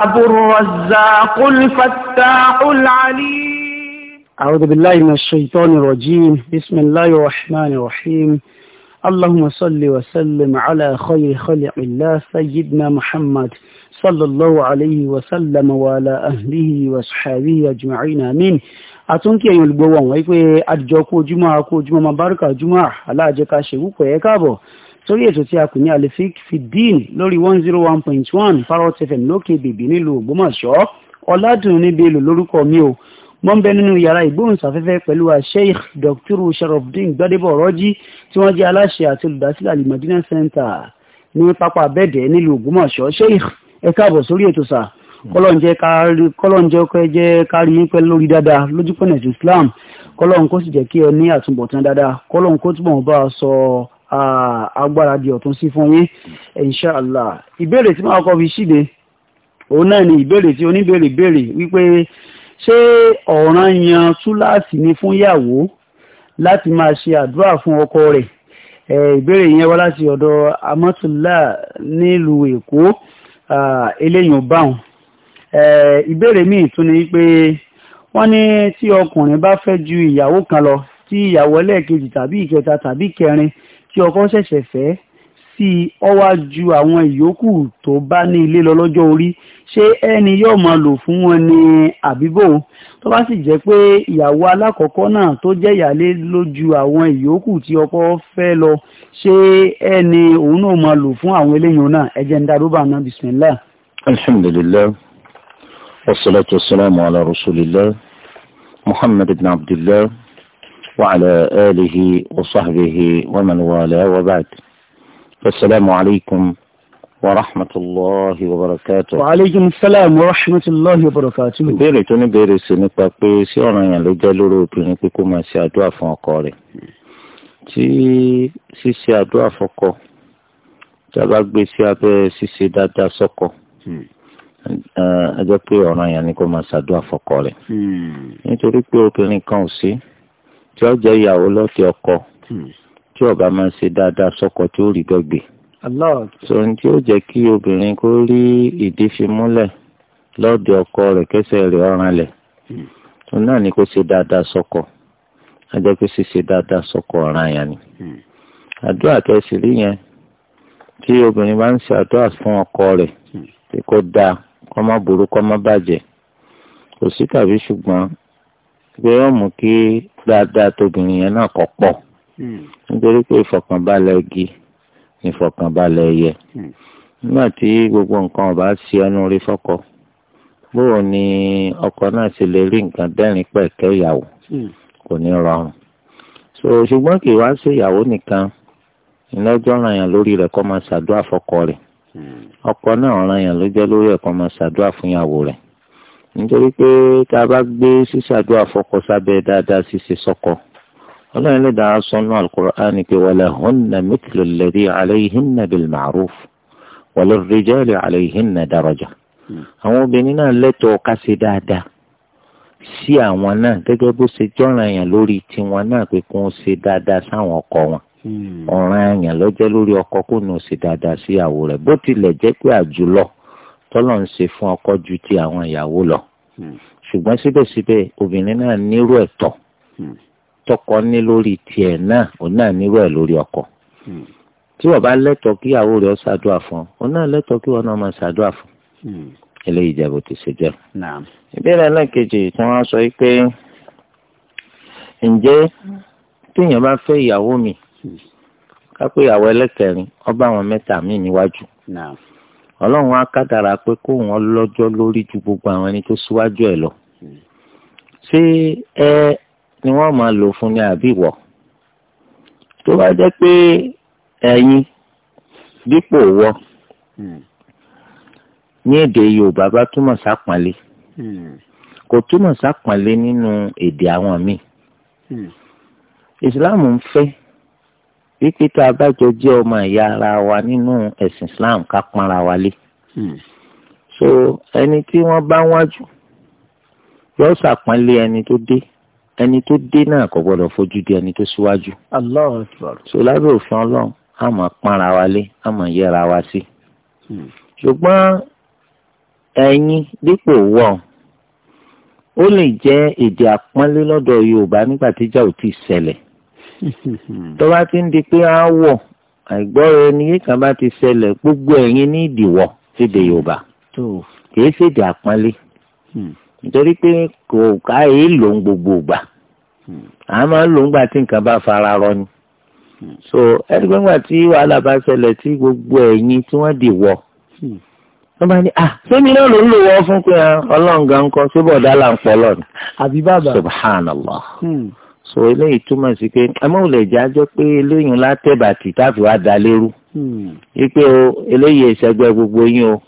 أبو الرزاق الفتاح العليم أعوذ بالله من الشيطان الرجيم بسم الله الرحمن الرحيم اللهم صل وسلم على خير خلق الله سيدنا محمد صلى الله عليه وسلم وعلى أهله وصحبه أجمعين آمين àtúnkì ẹ̀yin olùgbọ́wọ́ wọ́n wípé àdìjọ kó ojúmọ́ àkó ojúmọ́ máa bárúkà ojúmọ́ aláàjẹká ṣèwúkọ̀ ẹ̀ káàbọ̀ sórí ètò tí a kò ní alefik fidin lórí one zero one point one parrot fm lókè bèbí nílùú ògbómọ̀ṣọ́ ọ̀làdùn níbi èlò lórúkọ mi o mo ń bẹ nínú yàrá ìgbóhùnsáfẹ́fẹ́ pẹ̀lú sheikh dr sharafdin gbadebo ọ̀rọ́jì tí wọ́n jẹ́ aláṣẹ àti olùdásílẹ̀ alimadina center ní pápá abẹ́dẹ̀ nílùú ògbómọ̀ṣọ́ sheikh ẹ káàbọ̀ sórí ètò sà kọlọ́njẹ́ jẹ́ kárí yín pẹ́ lórí dáadáa lójúpọ̀nà islam kọlọ́n kó sì jẹ́ kí ẹ ní àtúbọ̀tán dáadáa kọlọ́n kó túbọ̀ bá a sọ ọ́ agbára di ọ̀tún sí fún yín inṣàlá ìbéèrè tí máa kọ́ fi ṣíde òun náà ni ìbéèrè tí oníbéèrè béèrè wípé ṣé ọ̀ràn yan túláàsì ni fún yàwó láti máa ṣe àdúrà fún ọkọ rẹ̀ ìbéèrè yẹn wá láti ọ̀dọ̀ amọ́túlá nílùú èkó eléyìn báwọn ìbéèrè míì tún ni pé wọ́n ní tí ọkùnrin bá fẹ́ ju ìyàwó kan lọ tí ìyàwó ẹlẹ́ẹ̀kejì tàbí ìkẹta tàbí ìkẹrin tí ọkọ ṣẹ̀ṣẹ̀ fẹ́ sí ọwá ju àwọn ìyókù tó bá ní ilé lọ lọ́jọ́ orí ṣé ẹni yóò máa lò fún wọn ní àbíbò tó bá sì jẹ́ pé ìyàwó alákọ̀ọ́kọ́ náà tó jẹ́ ìyálé ló ju àwọn ìyókù tí ọkọ fẹ́ lọ ṣé ẹni òun náà máa lò fún àwọn eléyìí náà ẹ jẹ́ ń darúbà náà bisimilá. alhamdulilayi wasalaatu wasalaamu ala rasulillah muhammad ibn abdillah. وعلى آله وصحبه ومن والاه وبعد فالسلام عليكم ورحمة الله وبركاته وعليكم السلام ورحمة الله وبركاته ìbéèrè tó ní béèrè sí nípa pé sí ọ̀ràn yẹn ló jẹ́ lórí obìnrin pé kó máa ṣe àdúrà fún ọkọ rẹ̀ tí ṣíṣe àdúrà fọkọ tí a bá gbé sí abẹ́ ṣíṣe dáadáa sọ́kọ hmm. a jẹ́ pé ọ̀ràn yẹn ni kó máa ṣàdúrà fọkọ rẹ̀ hmm. nítorí pé obìnrin kan ò sí. tí ó jẹ́ ìyàwó lọ́tẹ̀ ọkọ hmm. tí ọba máa ṣe dáadáa sọ́kọ tí ó rí dọ́gbé. tí ó jẹ́ kí obìnrin kó rí ìdí fi múlẹ̀ lọ́dọ̀ ọkọ rẹ̀ kẹsẹ̀ rẹ̀ ọ̀ràn lẹ̀ tó hmm. náà ni kó ṣe dáadáa sọ́kọ dáadáa ọ̀ràn yẹn ni. Hmm. àdúrà kẹsì rí yẹn tí obìnrin bá ń ṣe àdúrà fún ọkọ rẹ̀ kó dáa má burú má bàjẹ́ kò sí tàbí ṣùgbọ́n pé yóò mú kí dáadáa tóbìnrin yẹn náà kọ́ pọ̀ hmm. nítorí pé ìfọ̀kànbalẹ̀ igi ìfọ̀kànbalẹ̀ ẹyẹ hmm. nígbà tí gbogbo nǹkan ọba ṣe ẹnu rí fọ́kọ bóò ni ọkọ náà ṣe lè rí nǹkan dẹ́rìn pẹ̀kẹ́ ìyàwó hmm. kò ní rọrùn so ṣùgbọ́n kì í wá sí ìyàwó nìkan ìlọ́jọ́ ràn yàn lórí rẹ̀ kó máa ṣàdúrà fọ́kọ rẹ̀ ọkọ náà ràn yàn ló lórí ẹ̀ kó máa ṣàdúrà fún ìyàwó rẹ̀ nítorí pé tá a bá gbé ṣíṣàdúrà fọkọ sábẹ́ dáadáa ṣíṣe sọkọ ọlọ́run lè dáa sọ́nù alukur'an pé wàlẹ̀ hunna mitlu lẹ́dí alayhinna bil ma'ruf wàlẹ̀ rìjẹ́lì alayhinna daraja. àwọn obìnrin náà lẹ́tọ̀ọ́ ká ṣe dáadáa sí àwọn náà gẹ́gẹ́ bó ṣe jọ́ràn yàn lórí tiwọn náà pé kó ń ṣe dáadáa sáwọn ọkọ wọn. Hmm. ọ̀ràn yàn lọ́jẹ́ lórí ọkọ kó ní ṣe dáadáa sí ìyàwó rẹ̀ bó tilẹ̀ jẹ́ pé àjùlọ tọ́lọ̀ ń ṣe fún ọkọ ju ti àwọn ìyàwó lọ hmm. ṣùgbọ́n síbẹ̀síbẹ̀ obìnrin náà nírú ẹ̀tọ́ hmm. tọkọ ní lórí tiẹ̀ náà òun náà nírú ẹ̀ lórí ọkọ hmm. tí wọ́n bá lẹ́tọ̀ọ́ kí ìyàwó rẹ̀ ṣàdúrà fún ọ òun náà lẹ́tọ̀ọ́ kí wọ́n náà máa ṣàdúrà fún eléyìí jẹ́ bó ti ṣe jẹ́. ìbéèrè ẹlẹ́kejì tí wọ́n sọ pé ǹjẹ́ téèyàn bá fẹ́ ìyàwó mi ká pé ìyàwó ẹlẹ́kẹrin ọba ọlọ́run á kádàrà pé kó wọn lọ́jọ́ lórí ju gbogbo àwọn ẹni tó síwájú ẹ̀ lọ. ṣé ẹ ni wọ́n máa lò fún ni àbí ìwọ? tó bá jẹ́ pé ẹ̀yin dípò wọ ní èdè Yorùbá bá túmọ̀ sápọ̀nlé kò túmọ̀ sápọ̀nlé nínú èdè àwọn míì. ìsìláàmù ń fẹ́ wípé tá a bá jọ jẹ́ ọmọ ìyá ara wa nínú ẹ̀sìn Islam ká pọ́nra wa lé. Hmm. so ẹni tí wọ́n bá wájú yóò ṣàpọ́nlé ẹni tó dé ẹni tó dé náà kò gbọdọ̀ fojú di ẹni tó síwájú. so lábẹ́ òfin ọlọ́run a máa pọ́nra wa lé a máa yẹra wa sí. Hmm. ṣùgbọ́n ẹ̀yin dípò wọ̀ ó lè jẹ́ èdè àpọ́nlé lọ́dọ̀ Yorùbá nígbà tíjà ò tí ṣẹlẹ̀ tó bá ti ń di pé á wọ̀ àìgbọ́ra ẹni yìí kan bá ti ṣẹlẹ̀ gbogbo ẹ̀yin ní ìdìwọ̀ síde yorùbá kìí ṣèdè àpọ́nlé hmm. nítorí pé kò káyé ló ń gbogbo ìgbà àá hmm. máa ń lò gbà tí nǹkan bá fara rọ ni hmm. so ẹgbẹ́ngbà tí wàhálà bá ṣẹlẹ̀ tí gbogbo ẹ̀yin tí wọ́n dìwọ̀ wọ́n bá ní à ah, sẹ́mi náà ló ń lò wọ́ fún pé ah, ọlọ́run gan kọ́ síbọ̀dá là ń pọ̀ lọ́nà àbí bàbá subhanallah. Hmm so eléyìí túmọ̀ sí pé ẹmọ́wùlẹ̀ jájọ́ pé eléyìí látẹ̀bà tì táàfì wá da lérú hmm. wípé o eléyìí ìṣẹ́gbẹ́ gbogbo yín o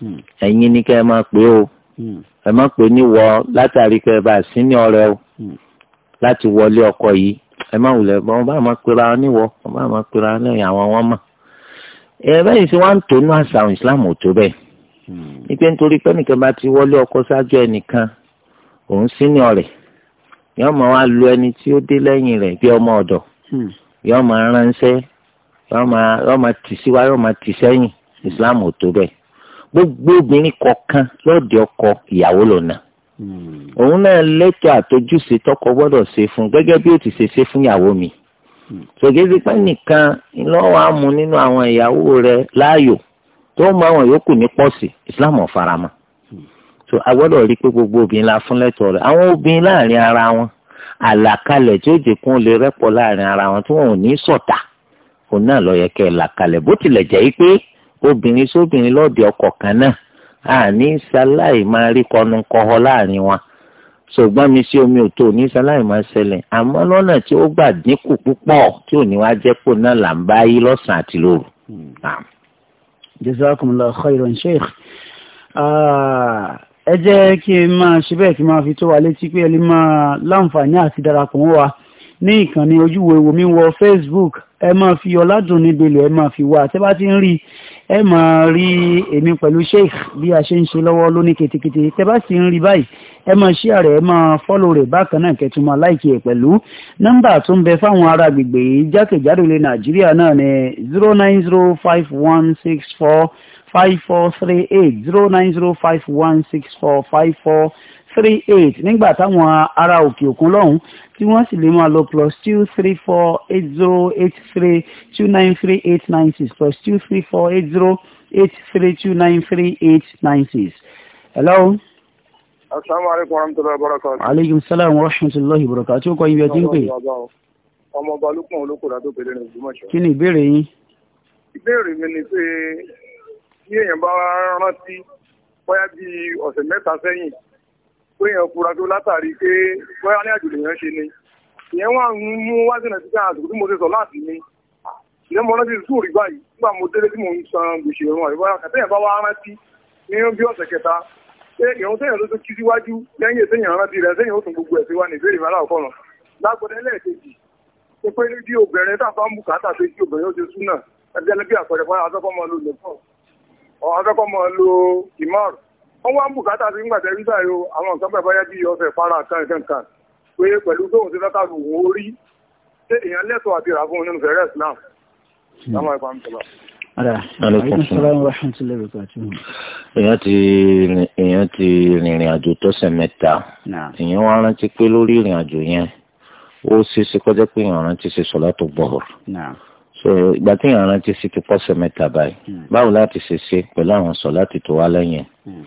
hmm. ẹ̀yin ni kẹ́ ẹ máa pè o hmm. ẹ máa pè ní wọ látàrí kẹ́ ẹ bá sí ní ọrẹ o láti wọlé ọkọ yìí ẹmọ́wùlẹ̀ wọn bá máa pera wọn níwọ wọn bá máa pera wọn lẹ́yìn àwọn wọn mọ̀ ẹ bẹ́ẹ̀ sì wá ń tónú àṣà ìsìlámù ò tó bẹ́ẹ̀ wípé nítorí pé ẹnìkan bá ti wọlé ọkọ ṣáájú ẹnìkan òun sí ní ọrẹ̀ yọọ máa wá lu ẹni tí ó dé lẹ́yìn rẹ̀ bí ọmọ ọ̀dọ̀ hmm. yọọ máa ránṣẹ́ yọọ máa tì síwá yọọ máa tì sẹ́yìn hmm. islam ò tó bẹ́ẹ̀ gbogbo obìnrin kọ̀ọ̀kan lọ́ọ̀dì ọkọ ìyàwó lọ́nà hmm. òun náà lẹ́tọ̀ àtọ́júṣe tọkọ gbọ́dọ̀ ṣe fún gẹ́gẹ́ bí ó ti ṣe ṣe fún ìyàwó mi ṣògezipẹ́ nìkan lọ́wọ́ á nínú àwọn ìyàwó rẹ̀ láàyò tó mú àwọn yòókù ní pọ́ọ̀sì islam ò faramọ́ so a gbọ́dọ̀ rí pé gbogbo obìnrin la fún lẹ́tọ̀ọ́ rẹ̀ àwọn obìnrin láàrin ara wọn àlàkalẹ̀ tí ó jẹ́ kún lè rẹ́pọ̀ láàrin ara wọn tí wọn ò ní ṣọ̀tá òun náà ló yẹ kẹ́ ẹ̀ làkalẹ̀ bó tilẹ̀ jẹ́ pé obìnrin sóbìnrin lọ́ọ̀dẹ ọkọ̀ kan náà àní sáláì máa rí kọnukọhọ láàrin wọn ṣùgbọ́n mi sí omi ò tó ní sáláì máa ṣẹlẹ̀ àmọ́ lọ́nà tí ó gbà dínkù púpọ̀ tí ò ní wá jẹ́ pò náà là ń bá yí lọ́sàn-án àti lóru. Hmm. jazakumullahu khairan sheikh. Ah, ẹ jẹ́ kí ẹ máa ṣe bẹ́ẹ̀ kí máa fi tó wa létí pé ẹ máa láǹfààní àti darapọ̀ mọ́ wa ní ìkànnì ojúwo ewo mi wọ Facebook ẹ máa fi ọ̀làdùn níbelò ẹ máa fi wá tẹ́ bá ti ń rí ẹ máa rí èmi pẹ̀lú sheikh bí a ṣe ń ṣe lọ́wọ́ lóní ketekete tẹ́ bá ti ń rí báyìí ẹ máa ṣí ààrẹ ẹ máa fọ́lọ̀ rẹ̀ bákan náà kẹtùmọ̀ láìkí ẹ̀ pẹ̀lú nọ́mbà tó ń bẹ fáwọn ará agbègbè jákèjádò ilẹ̀ Nàìjíríà náà ní zero nine zero five one six four five four three eight zero nine zero five one six four five four three eight nígbà táwọn ará òkè òkun lọ́hùn tí wọ́n sì lè máa lọ plus two three four eight zero eight three two nine three eight nine six plus two three four eight zero eight three two nine three eight nine six. hello. asalaamualeykum wa rahmatulahi wa barakatu. aleykum salaam wa rahmatulahi wa barakatu. kò yin bí ẹ ti ń pè. ọmọ ọba olókùn olókùn ládùúgbò lẹ́nu ìgbìmọ̀ ṣe. kí ni ìbéèrè yín. ìbéèrè mi ni pé tí èèyàn bá rántí bóyá bí ọ̀sẹ̀ mẹ́ta sẹ́yìn pé èèyàn fura tó látàrí pé bóyá ní àjò lèèyàn ṣe ni ìyẹn wà ń mú wá sínú síta àsìkò tí mo ti sọ láti ní ìyẹn mo rántí sùúrù rí báyìí nígbà mo délé tí mo ń san gbèsè ìrún àríwá àtẹ̀yìn bá wá rántí ní bí ọ̀sẹ̀ kẹta pé ìrún sẹ́yìn ló tún kí síwájú lẹ́yìn ìsẹ́yìn rántí rẹ̀ sẹ́yìn ó tún gbogbo ẹ̀ sí wà ní ìbéèrè ìmọ̀lá ọ̀kọ̀nà lágbọ́dẹ́ lẹ́ẹ̀kejì pé pé ní bí obìnrin tá a bá ń bùkátà pé kí obìnrin ó ti súnà ẹgbẹ́ lẹ́bí àpẹẹrẹ fún àwọn asọ́kọ́mọ lò lẹ́kọ̀ọ́ akẹ́kọ̀ọ́ mọ̀ lo imar wọ́n wá ń bùkátà sí gbàtẹ́ rí báyìí o àwọn nǹkan bẹ̀rẹ̀ báyá bíi ọ̀fẹ́ para kan kan kan pé pẹ̀lú tóun ti fẹ́ka lù wọ́n rí ṣé èèyàn lẹ́tọ̀ọ́ àti rà fún nínú fẹ̀rẹ̀ Islam láwọn ẹ̀fà ń sọ̀rọ̀. èèyàn ti rìnrìn àjò tọ́sẹ̀ mẹ́ta èèyàn wá rántí pé lórí ìrìn àjò yẹn ó ṣeé ṣe kọjá pé èèyàn rántí ṣe sọ̀látù gbọ̀hùrù so ìgbà tí yàrá rántí sí ti pọ́sẹ̀ mẹ́ta báyìí hmm. báwo láti ṣe ṣe pẹ̀lú àwọn sọ láti tó wá lẹ́yìn hmm.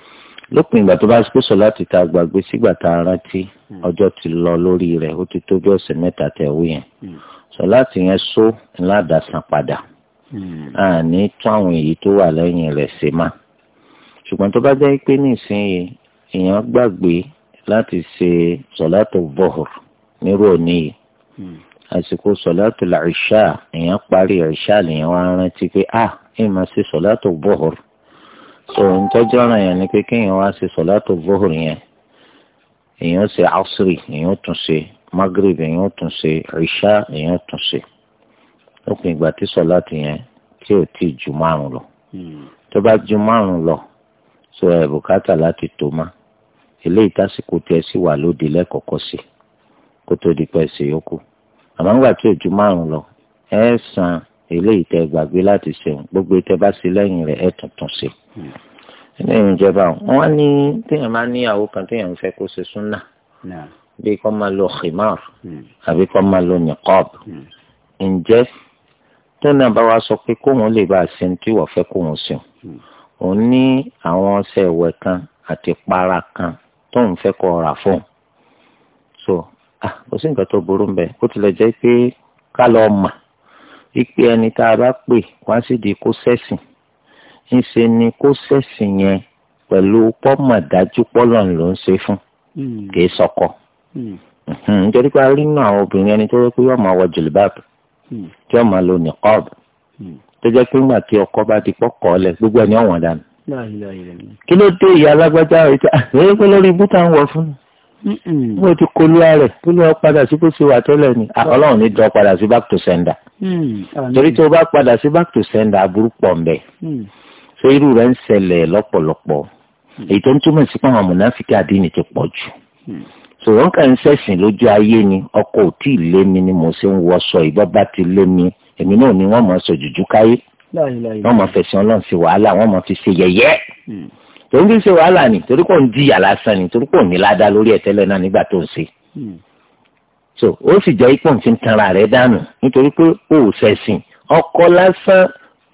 lópin ìgbà tó bá ṣe pé sọ láti ta gbàgbé sígbà tá a rántí hmm. ọjọ́ ti lọ lórí rẹ̀ ó ti tó bí ọ̀sẹ̀ mẹ́ta tẹ̀ wú yẹn sọ láti yẹn só ńládàsán padà àní tún àwọn èyí tó wà lẹ́yìn rẹ̀ ṣe má ṣùgbọ́n tó bá jẹ́ pé nísìnyí èèyàn gbàgbé láti ṣe sọ láti bọ̀hùr nírú àsìkò sọ̀látò làìṣà èèyàn parí àìṣà lèèyàn wá rántí pé a ẹ̀ máa ṣe sọ̀látò bọ́ọ̀rù tó ń tọ́jú ọ̀ràn yẹn ni pé kéèyàn wá ṣe sọ̀látò bọ́ọ̀rù yẹn èèyàn ṣe asiri èèyàn tún ṣe magrib èèyàn tún ṣe àìṣà èèyàn tún ṣe lópin ìgbà tí sọ̀látò yẹn tí ò tí ju márùn lọ hmm. tó bá ju márùn lọ sọ ẹ̀ bùkátà láti tó má eléyìí tásìkò tiẹ̀ sì wà lóde lẹ́kọ̀ọ́kọ́ sí kó tó di pẹ́ ṣe yókù àmọ́ ńgbà tí òjú márùn lọ ẹ san eléyìí tẹ gbàgbé láti ṣeun gbogbo tẹ bá ṣe lẹ́yìn rẹ̀ ẹ tuntun ṣe. lẹ́yìn ìjọba wọn ní téèyàn máa níyàwó kan téèyàn ń fẹ́ kó ṣe súnà bí kò máa lo khimar hmm. àbí kò máa lo niqab hmm. ǹjẹ́ tó bá wa sọ pé kóun lè bá a ṣe tí wọ́n fẹ́ kóun ṣe hmm. òun ní àwọn ọṣẹ ìwẹ̀ kan àti para kan tóun fẹ́ kọ́ ra fóun so Ah, kò sí nǹkan tó burú mbẹ ó tilẹ̀ jẹ́ pé ká lọ mà wípé ẹni tá a bá pè wá sí di kó sẹ́sìn ńṣe ni kó sẹ́sìn yẹn pẹ̀lú pọ́mọ̀dájú pọ́lọ̀ ló ń ṣe fún hmm. kì í sọkọ. Hmm. Hmm. nítorí pé a rí nínú àwọn obìnrin ẹni tó yẹ pé yóò máa wọ jìlìbáàbù tí yóò máa lo nìkọ́ọ̀bù tó jẹ́ pé ńgbà tí ọkọ bá ti pọ́kọ̀ ọ́lẹ̀ gbogbo ẹ̀ ní dànù. kí ló dé ìyá alágbájá rẹ̀ tí a ah, lè pẹ́ lórí ibú tá à ń wọ fún un mo ti kolu ààrẹ kí ló padà sí bó ṣe wà tẹ́lẹ̀ ni ah, ọlọ́run ní dán padà sí back to sender mm. torí tí o bá padà sí back to sender aburú pọ̀ mbẹ́ mm. so irú rẹ̀ ń ṣẹlẹ̀ lọ́pọ̀lọpọ̀ mm. èyí tó ń túmọ̀ sí pé àwọn mùnáfíkì àdínì ti pọ̀ jù so wọn kàn ń ṣẹ̀sìn lójú ayé ni ọkọ ò tí ì lé mi ni mo ṣe ń wọṣọ ìbọn bá ti lé mi èmi náà ni wọn mọ̀ ọ́ sọ jùjú káyé wọn mọ̀ fẹ̀sìn ọlọ́run sí wàhálà wọn mọ̀ fi ṣe yẹ̀yẹ́ tòun ti ṣe wàhálà ni torí kò ń jìyà lásán ni torí kò ní ládàá lórí ẹ̀tẹ́lẹ̀ náà nígbà tó ń ṣe hmm. so ó sì jẹ́ ipò tí ń tanra rẹ̀ dànù nítorí pé ó ò ṣẹ̀sìn ọkọ lásán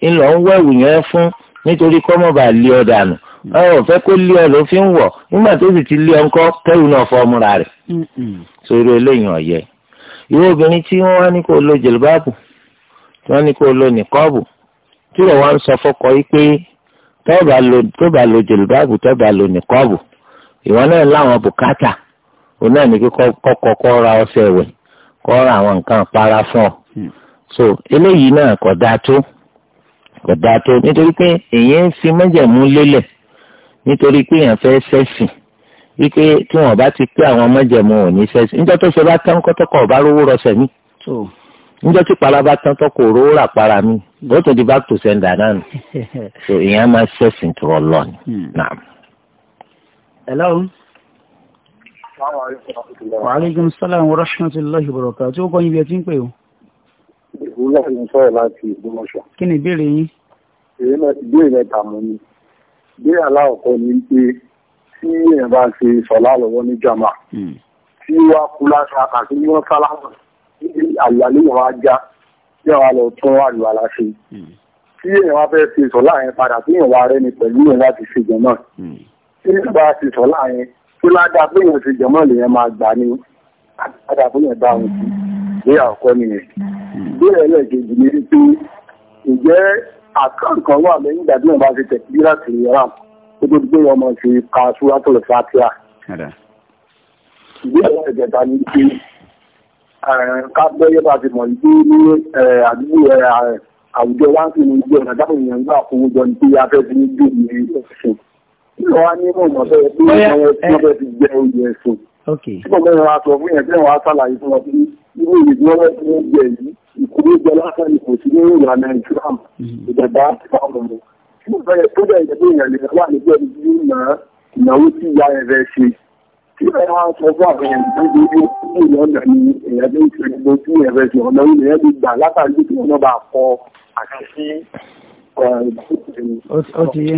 ńlọ ń wẹ̀wù yẹn fún nítorí kọ́ mọ̀ bá lé ọ dànù ọ̀rọ̀ hmm. fẹ́ kó lé ọ ló fi ń wọ̀ nígbà tó sì ti lé ọ ńkọ́ kẹ́rù náà fọ́ ọmúra rẹ̀ hmm, sórí eléyìí ọ̀yẹ́ ìwé obìnrin tí wọ́n wá ní kó lo jìlbáàbù tí wọ́n ní kó lo nìkọ́ọ̀bù tí tọ́ọ̀bà lo tọ́ọ̀bà lo jìlbáàbù tọ́ọ̀bà lo nìkọ́ọ̀bù ìwọ náà láwọn bùkátà òun náà ní kọ́kọ́ kọ́ ra ọṣẹ ìwẹ̀ kọ́ ra àwọn nǹkan para fún ọ. Hmm. so eléyìí náà kò dáa tó kò dáa tó nítorí pé èyí ń fi mẹ́jẹ̀mú lélẹ̀ nítorí pé èèyàn fẹ́ sẹ́sìn wípé tí wọn bá ti pé àwọn mẹ́jẹ̀mú ò ní sẹ́sìn níjọ́ tó ṣe bá tán kọ́tọ́kọ̀ ọ̀bá rówó rọṣẹ̀ mi níjọ́ tí palaba tán tó kò rówó rà para mi ó tún di back to sender náà nù so ìyẹn máa ṣẹ̀sìn tó rọ lọ ni. Hmm. hello. wa aleykum salaam wa rahmatulahi wa barakatuh tí ó kọ́ yín bí ẹ ti ń pè o. ìwúlọ̀ ni sọ̀rọ̀ láti ìgbìmọ̀ṣọ́. kí ni ìbéèrè yín. èyí náà ti gbé ìrẹta mọ́ ni bí aláwọ̀kọ́ ni pé tí èèyàn bá ṣe sọ̀lá lọ́wọ́ ní jama hmm. tí wàá kú láṣà àti ní wọ́n sálámù àlùwàlẹ́ wọn á já tí wọn á lọ tún àlùwàlá ṣe hmm. tí èèyàn wá fẹ́ fi sọ láàyè padà tí èèyàn wá rẹ ni pẹ̀lú èèyàn láti ṣe jẹ náà hmm. tí èèyàn bá ti sọ láàyè tó ládàá pé èèyàn ṣe jẹ náà lèèyàn máa gbà ní ládàá pé èèyàn bá wọn sí ìgbé àkọ́ nìyẹn ìbéèrè hmm. ẹlẹ́ẹ̀kejì ni wípé ǹjẹ́ àkáǹtì kan wà lẹ́yìn ìgbà tí wọ́n bá ti tẹ̀sí láti ram kó tó di pé wọ́n mọ̀ sí ká súrátọ̀lẹ̀ fatia ìbéèrè ẹlẹ́ẹ̀kẹta ni wípé kábẹ́yẹ́ bá ti mọ̀ ní ní àdúgbò àwùjọ wá ń fi ní ibi ọ̀nà dáhùn èèyàn gbà fowó jọ ní pé afẹ́ fi ní bí ní ẹ̀sùn. Ìjọ wa ní mọ̀ pé wọ́n fẹ́ fi jẹ oúnjẹ ẹ̀sùn. Tí mo mẹ́rin wa sọ fún yẹn tí wọ́n á sàlàyé fún ọ pé irú ìwé tí wọ́n fẹ́ fi ní jẹ yìí ìkúrú jẹ lásán ni kò sí ní ìlànà ìsìlámù ìjọba ìfọ̀mù. Tí mo fẹ́ yẹ tó bẹ̀rẹ̀ ìjọba ìyẹn lè wà níbi ẹni tí ìnáwó tí ìyá ẹ̀ fẹ́ ṣe tí ẹ wá sọ fún àwọn èèyàn tó ti ní ìlú ọ̀nà ni èèyàn tó ń fi gbogbo tí ẹ̀rẹ́ ti ọ̀nà ilẹ̀ ẹ̀ ti gbà látàrí tí wọ́n bá kọ àti sí ó ti yé.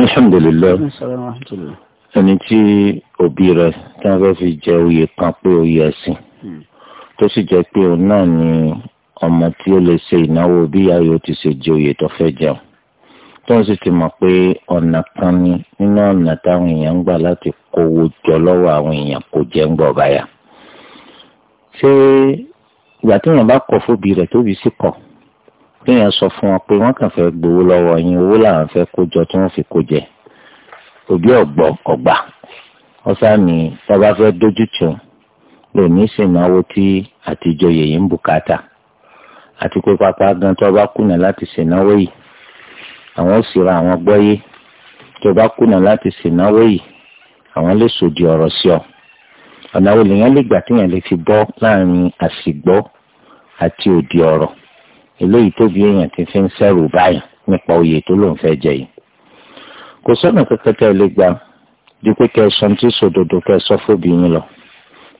alhamdulilayi ẹni tí òbí rẹ tí wọn fẹẹ fi jẹ oyè kan pé oyè ẹsìn hmm. tó sì jẹ pé òun náà ni ọmọ tí ó lè ṣe ìnáwó bí ayò ti ṣe jẹ oyè tó fẹẹ jẹun tó ń sì ti mọ̀ pé ọ̀nà kan ni nínú ọ̀nà táwọn èèyàn ń gbà láti kówó jọ lọ́wọ́ àwọn èèyàn kò jẹ́ ń gbọ̀ báyà. ṣé ìgbà téèyàn bá kọ̀ fóbi rẹ̀ tóbi sí kọ̀ téèyàn sọ fún wọn pé wọ́n kàn fẹ́ gbowó lọ́wọ́ yín owó làwọn fẹ́ kó jọ tí wọ́n fi kó jẹ òbí ọ̀gbọ́ ọ̀gbà ọ̀sán ni tọ́ba fẹ́ dójú tì wọ́n lè ní ìsìnáwó tí àtijọ́ yèyí ń bùkátà àti pé pápá gan tọ́ba kùnà láti ṣènáwó yìí àwọn ó sì ra àwọn gbọ́yé tó bá kùnà láti ṣènáwó yìí àwọn lè sòdì ọ̀rọ̀ sí ọ ọ̀nà wo lèèyàn lè gbà téèyàn lè fi bọ́ láàrin àsìgbọ́ àti òdì ọ̀rọ̀ eléyìí tóbi èèyàn ti fi ń sẹ́rù báyìí nípa oyè tó lòun fẹ́ jẹ yìí kò sọ́nà kankan tẹ́ ẹ lè gbà ju pé kẹ́ ẹ sọ tí sòdodo kẹ́ ẹ sọ fóbìnrin lọ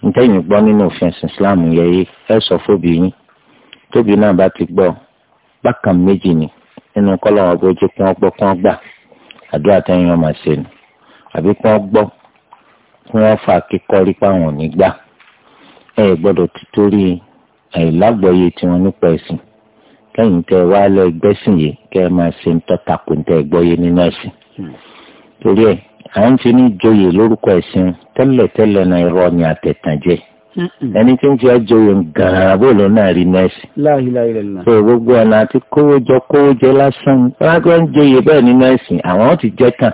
ntẹ́yìn gbọ́ nínú òfin ẹ̀sìn Islam yẹ ẹ sọ fóbìnrin tóbi náà bá ti gbọ́ bákan méjì ni nínú kọ́lọ́wọ́n bó jẹ́ kí wọ́n gbọ́ kí wọ́n gbà àdúrà tẹ́yìn ọmọ ṣe nù àbí kí wọ́n gbọ́ kí wọ́n fà kíkọ́rí páwọn ò ní gbà ẹ gbọ́dọ̀ títorí àìlágbọ̀ọ́yé tiwọn nípa ẹ̀sìn kẹ́yìn tẹ́ wá lọ ẹgbẹ́sìn yìí kẹ́ ẹ máa ṣe ń tọ́ta kò ń tẹ́ ẹgbọ́yé nínú ẹ̀sìn hmm. torí ẹ̀ à ń fi ní joyè lórúkọ ẹ̀sìn tẹ́lẹ̀tẹ́lẹ̀ náà irọ́ ni àtẹ̀tàn jẹ́ ẹni tí ń fi ọjọ́ yẹn gàrà bó ló náà rí nọ́ọ̀sì. so gbogbo ọ̀nà àti kówó jọ kówó jẹ lásán rákẹ́ ń joyè bẹ́ẹ̀ ní nọ́ọ̀sì àwọn ti jẹ́ tán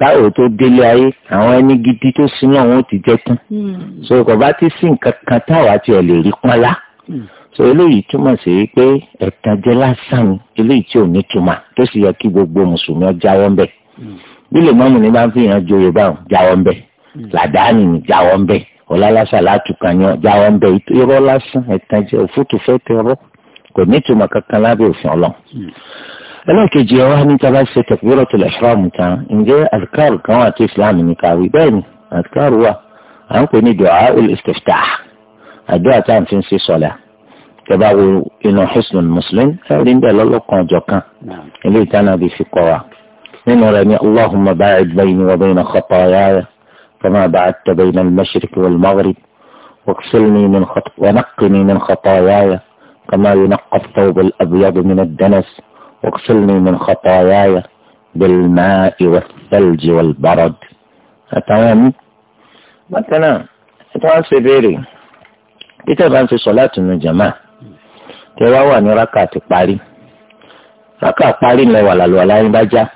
táwọn tó délé ayé àwọn ẹni gidi tó sin náà wọn ti jẹ́ tán mm. so kò bá ti sí nǹkan kan táwa ti ọ̀ lè rí pọ́nlá mm. so eléyìí túmọ̀ sí pé ẹ̀tàn jẹ lásán eléyìí tí ò ní túmọ̀ tó sì yẹ kí gbogbo mùsùlùmí ọ jáwọ́ ń bẹ̀ mm. bí mọ́mù ní bá ń fi hàn joyè báwọn jáwọ́ ń bẹ̀ ọlálásà látùkà ni ọjà wọn bẹ irọ́ lásán ẹ̀tàn jẹ́ òfútù fẹ́ tẹ ọrọ́ kò ní ìtumọ̀ kankan lábẹ́ òfin ọlọ́ hmm. ẹlẹ́ẹ̀kejì ọ̀rọ̀ ní taba ṣe takbiratul ihram tán ǹjẹ́ azkar kan wà tó islam ní kàwé bẹ́ẹ̀ ni azkar wà à ń pè ní du'aul istiftah àdúrà tá à ń ṣe sọ̀lá kẹba wo inú hisnul muslim ẹ̀rí ń lọ́lọ́kan ọjọ́ kan ilé ìtànà bí fi kọ́ wa nínú rẹ̀ ni allahumma ba'id bayni wa bayna khataaya كما بعدت بين المشرق والمغرب واغسلني من خط ونقني من خطاياي كما ينقى الثوب الأبيض من الدنس واغسلني من خطاياي بالماء والثلج والبرد àtàwọn مثلا náà ẹ tó wá ń ṣe béèrè títẹ̀ bá ń ṣe sọ láti nu jàmá tẹ wá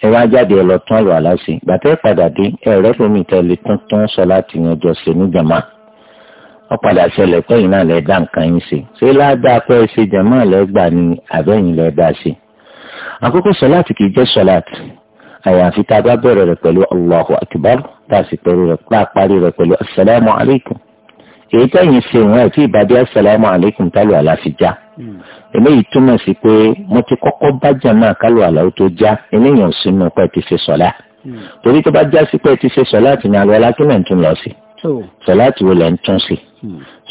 ẹ wá jáde ẹ lọ tún àlọ́ àláṣẹ gbàtẹ́ padà dé ẹ̀rẹ́ fomi tẹ́lẹ̀ tuntun sọ láti yan jọ ṣe ní jàmá wọ́n padà ṣẹlẹ̀ pẹ́yìn náà lẹ́ẹ̀ dá nǹkan yín ṣe ṣé ládàá pé ṣe jàmá lẹ́gbà ni àbẹ́yìn lẹ́ẹ̀ dá ṣe. àkókò sọláàtì kì í jẹ́ sọláàtì àyàfi tá a bá bẹ̀rẹ̀ rẹ̀ pẹ̀lú allahu akbar tá a sì parí rẹ̀ pẹ̀lú asalaamu alaykum èyí tẹ́yìn ṣe wọ́n ẹ̀ tí ìbàdí asalaamu alaykum tálù àlàáfíà eléyìí túmọ̀ sí pé mo ti kọ́kọ́ bá jàmáà kálù àlàó tó já eléyìí ò sínú pẹ́ ti ṣe sọ̀lá torí tó bá já sí pé ti ṣe sọ̀lá àti ní alọ́lá kí lẹ̀ ń tún lọ sí sọ̀lá àti wo lẹ̀ ń tún sí.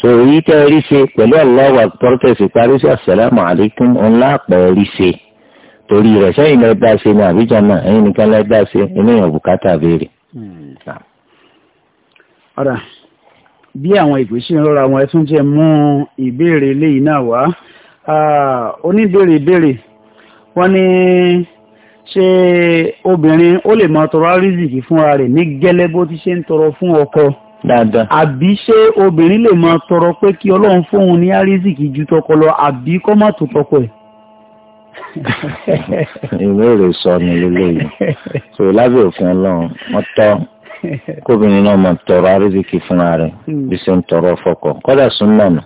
so èyí tẹ́ ẹ rí ṣe pẹ̀lú aláwọ̀ pọ́tẹ́sì parí sí àṣàlámù àlékún ńlá pẹ̀ rí ṣe torí rẹ̀ sẹ́yìn lẹ́ dá ṣe ní àbíjà náà ẹ̀yìn nìkan lẹ́ dá ṣe eléyìí ò béèrè. Hmm bí àwọn ìpè ṣì ń rọra wọn ẹ tún jẹ mú ìbéèrè eléyìí náà wá oníbèrè ìbéèrè wọn ní ṣé obìnrin ó lè máa tọrọ àrísìkì fúnra rẹ̀ ní gẹ́lẹ́ bó ti ṣe ń tọrọ fún ọkọ dáadáa. àbí ṣé obìnrin lè máa tọrọ pé kí ọlọ́run fóun ní àrísìkì ju tọkọ lọ àbí kó má tó tọkọ ẹ̀ ìwé ìròsọ ni lélẹ́yìn tó lábẹ́ òfin ọlọ́run wọ́n tọ́ kóbìnrin náà máa tọrọ àrídìkì fúnra rẹ̀ hmm. bí ṣe ń tọrọ fọkọ kódà súnmọ́nù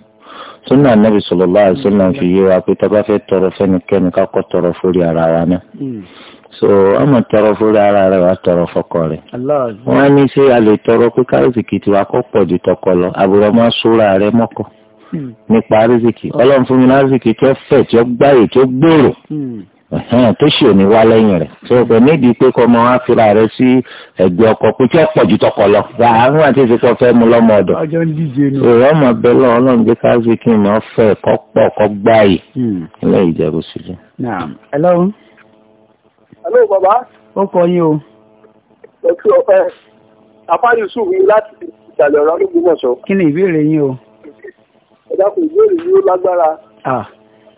súnmọ́ anábì sallallahu alaihi wasallam fi yé wa pé tá a bá fẹ́ tọrọ fẹ́nikẹ́ni ká kọ́ tọrọ fórí ara wa náà hmm. so ọmọ tọrọ fúnra ara rẹ wàá tọrọ fọkọ rẹ wọn ní ṣé a lè tọrọ pé kárìsìkì tí wàá kọ pọ̀ ju tọkọ lọ àbúrò ọmọ sóra rẹ mọ́kọ hmm. nípa rìsìkì ọlọ́run fún mi ní rìsìkì tí ó fẹ̀ tí ó gbáyè tí ó gbòòrò tó ṣì ò ní wá lẹ́yìn rẹ̀ tó o kò nídìí pé kọ́ ọmọ wa fira rẹ sí ẹgbẹ́ ọkọ pé kí ọ̀pọ̀ ju tọkọ lọ àwọn àti ìṣe kọ́ fẹ́ mu lọ́mọ ọ̀dọ̀ èrò ọmọ bẹ́ẹ̀ lọ ọlọ́run gbé káàsì kí n máa fẹ́ kọ́ pọ̀ kọ́ gbáyì hmm. ilé ìjẹ̀bù sílẹ̀. hello. hello bàbá. ó kọ yín o. ẹtú ọpẹ afárí yusuf ni láti ìsàlẹ̀ ọ̀rọ̀ ló gbé mọ̀ sọ. kí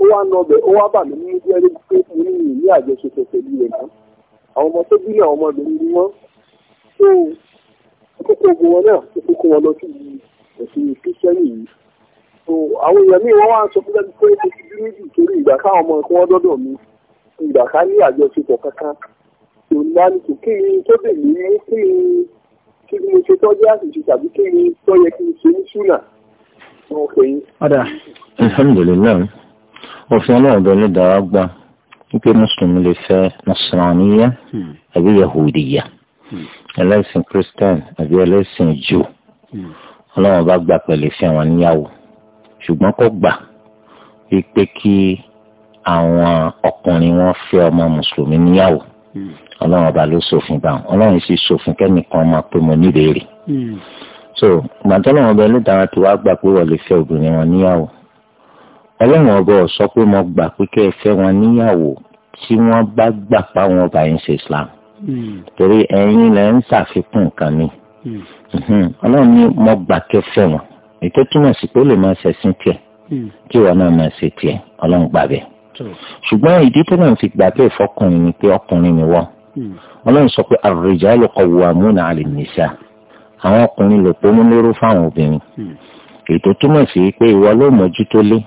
ó wá nà ọbẹ̀ ó wá bà mí nínú jẹ́ lójú pé mo ní ìní àjọṣepọ̀ pẹ̀lú rẹ̀ náà àwọn ọmọ tó bí náà ọmọbìnrin ni wọ́n tó kókó ogun wọn náà tó kókó wọn lọ sí ẹ̀sìn kírísítẹ́nì yìí tó àwọn èèyàn míì wọ́n wá sọ fún dájú pé mo ti bí méjì torí ìgbà káwọn ọmọ kí wọ́n dọ́dọ̀ mi ìgbà ká ní àjọṣepọ̀ kankan tó ní wá ní kò kí ni tó bè mí mú kí ni kí ni mo ṣe tọ́jú àṣìṣe tàbí kí ni tó yẹ kí n ṣe ní ṣúnà. ọ̀dà alhamdulilayi òfin ọlọ́run bẹ̀rẹ̀ dàrá gbà wípé mùsùlùmí lè fẹ́ nasaraniya hmm. àbí yahudiya hmm. ẹlẹ́sìn christian àbí ẹlẹ́sìn jew hmm. ọlọ́run bá gbà pẹ̀lú ìfẹ́ wọn níyàwó ṣùgbọ́n kò gbà wípé kí àwọn ọkùnrin wọn fẹ́ ọmọ mùsùlùmí níyàwó ọlọ́run ọba ló ṣòfin bá wọn ọlọ́run sì ṣòfin kẹ́nìkan máa pé mo níbèrè so gbàtọ́ lọ́wọ́ bẹ́ẹ̀ ló dára tí wàá gbà pé wọ́n lè fẹ́ obìnrin wọn níyàwó ọlọ́run ọba sọ pé mo gbà pé kẹ́ ẹ fẹ́ wọn níyàwó tí wọ́n bá gbà pa wọn ọba yẹn ṣe islam hmm. torí ẹ̀yin lẹ ń ṣàfikún nǹkan mi hmm. Hmm. ọlọ́run ní mo gbà kẹ́ fẹ́ wọn ètò túmọ̀ sí pé ó lè máa ṣẹ̀sìn tiẹ̀ kí wọn náà máa ṣe tiẹ̀ ọlọ́run gbà bẹ́ẹ̀ ṣùgbọ́n ìdí tó náà fi gbà pé ìfọkùnrin ni pé ọkùnrin ni wọ́n ọlọ́run sọ pé ar-rijalu qawwamuna 'ala an-nisa àwọn ọkùnrin lò pé ó mú lérò fáwọn obìnrin ètò túmọ̀ sí pé ìwọ ló mójútó lé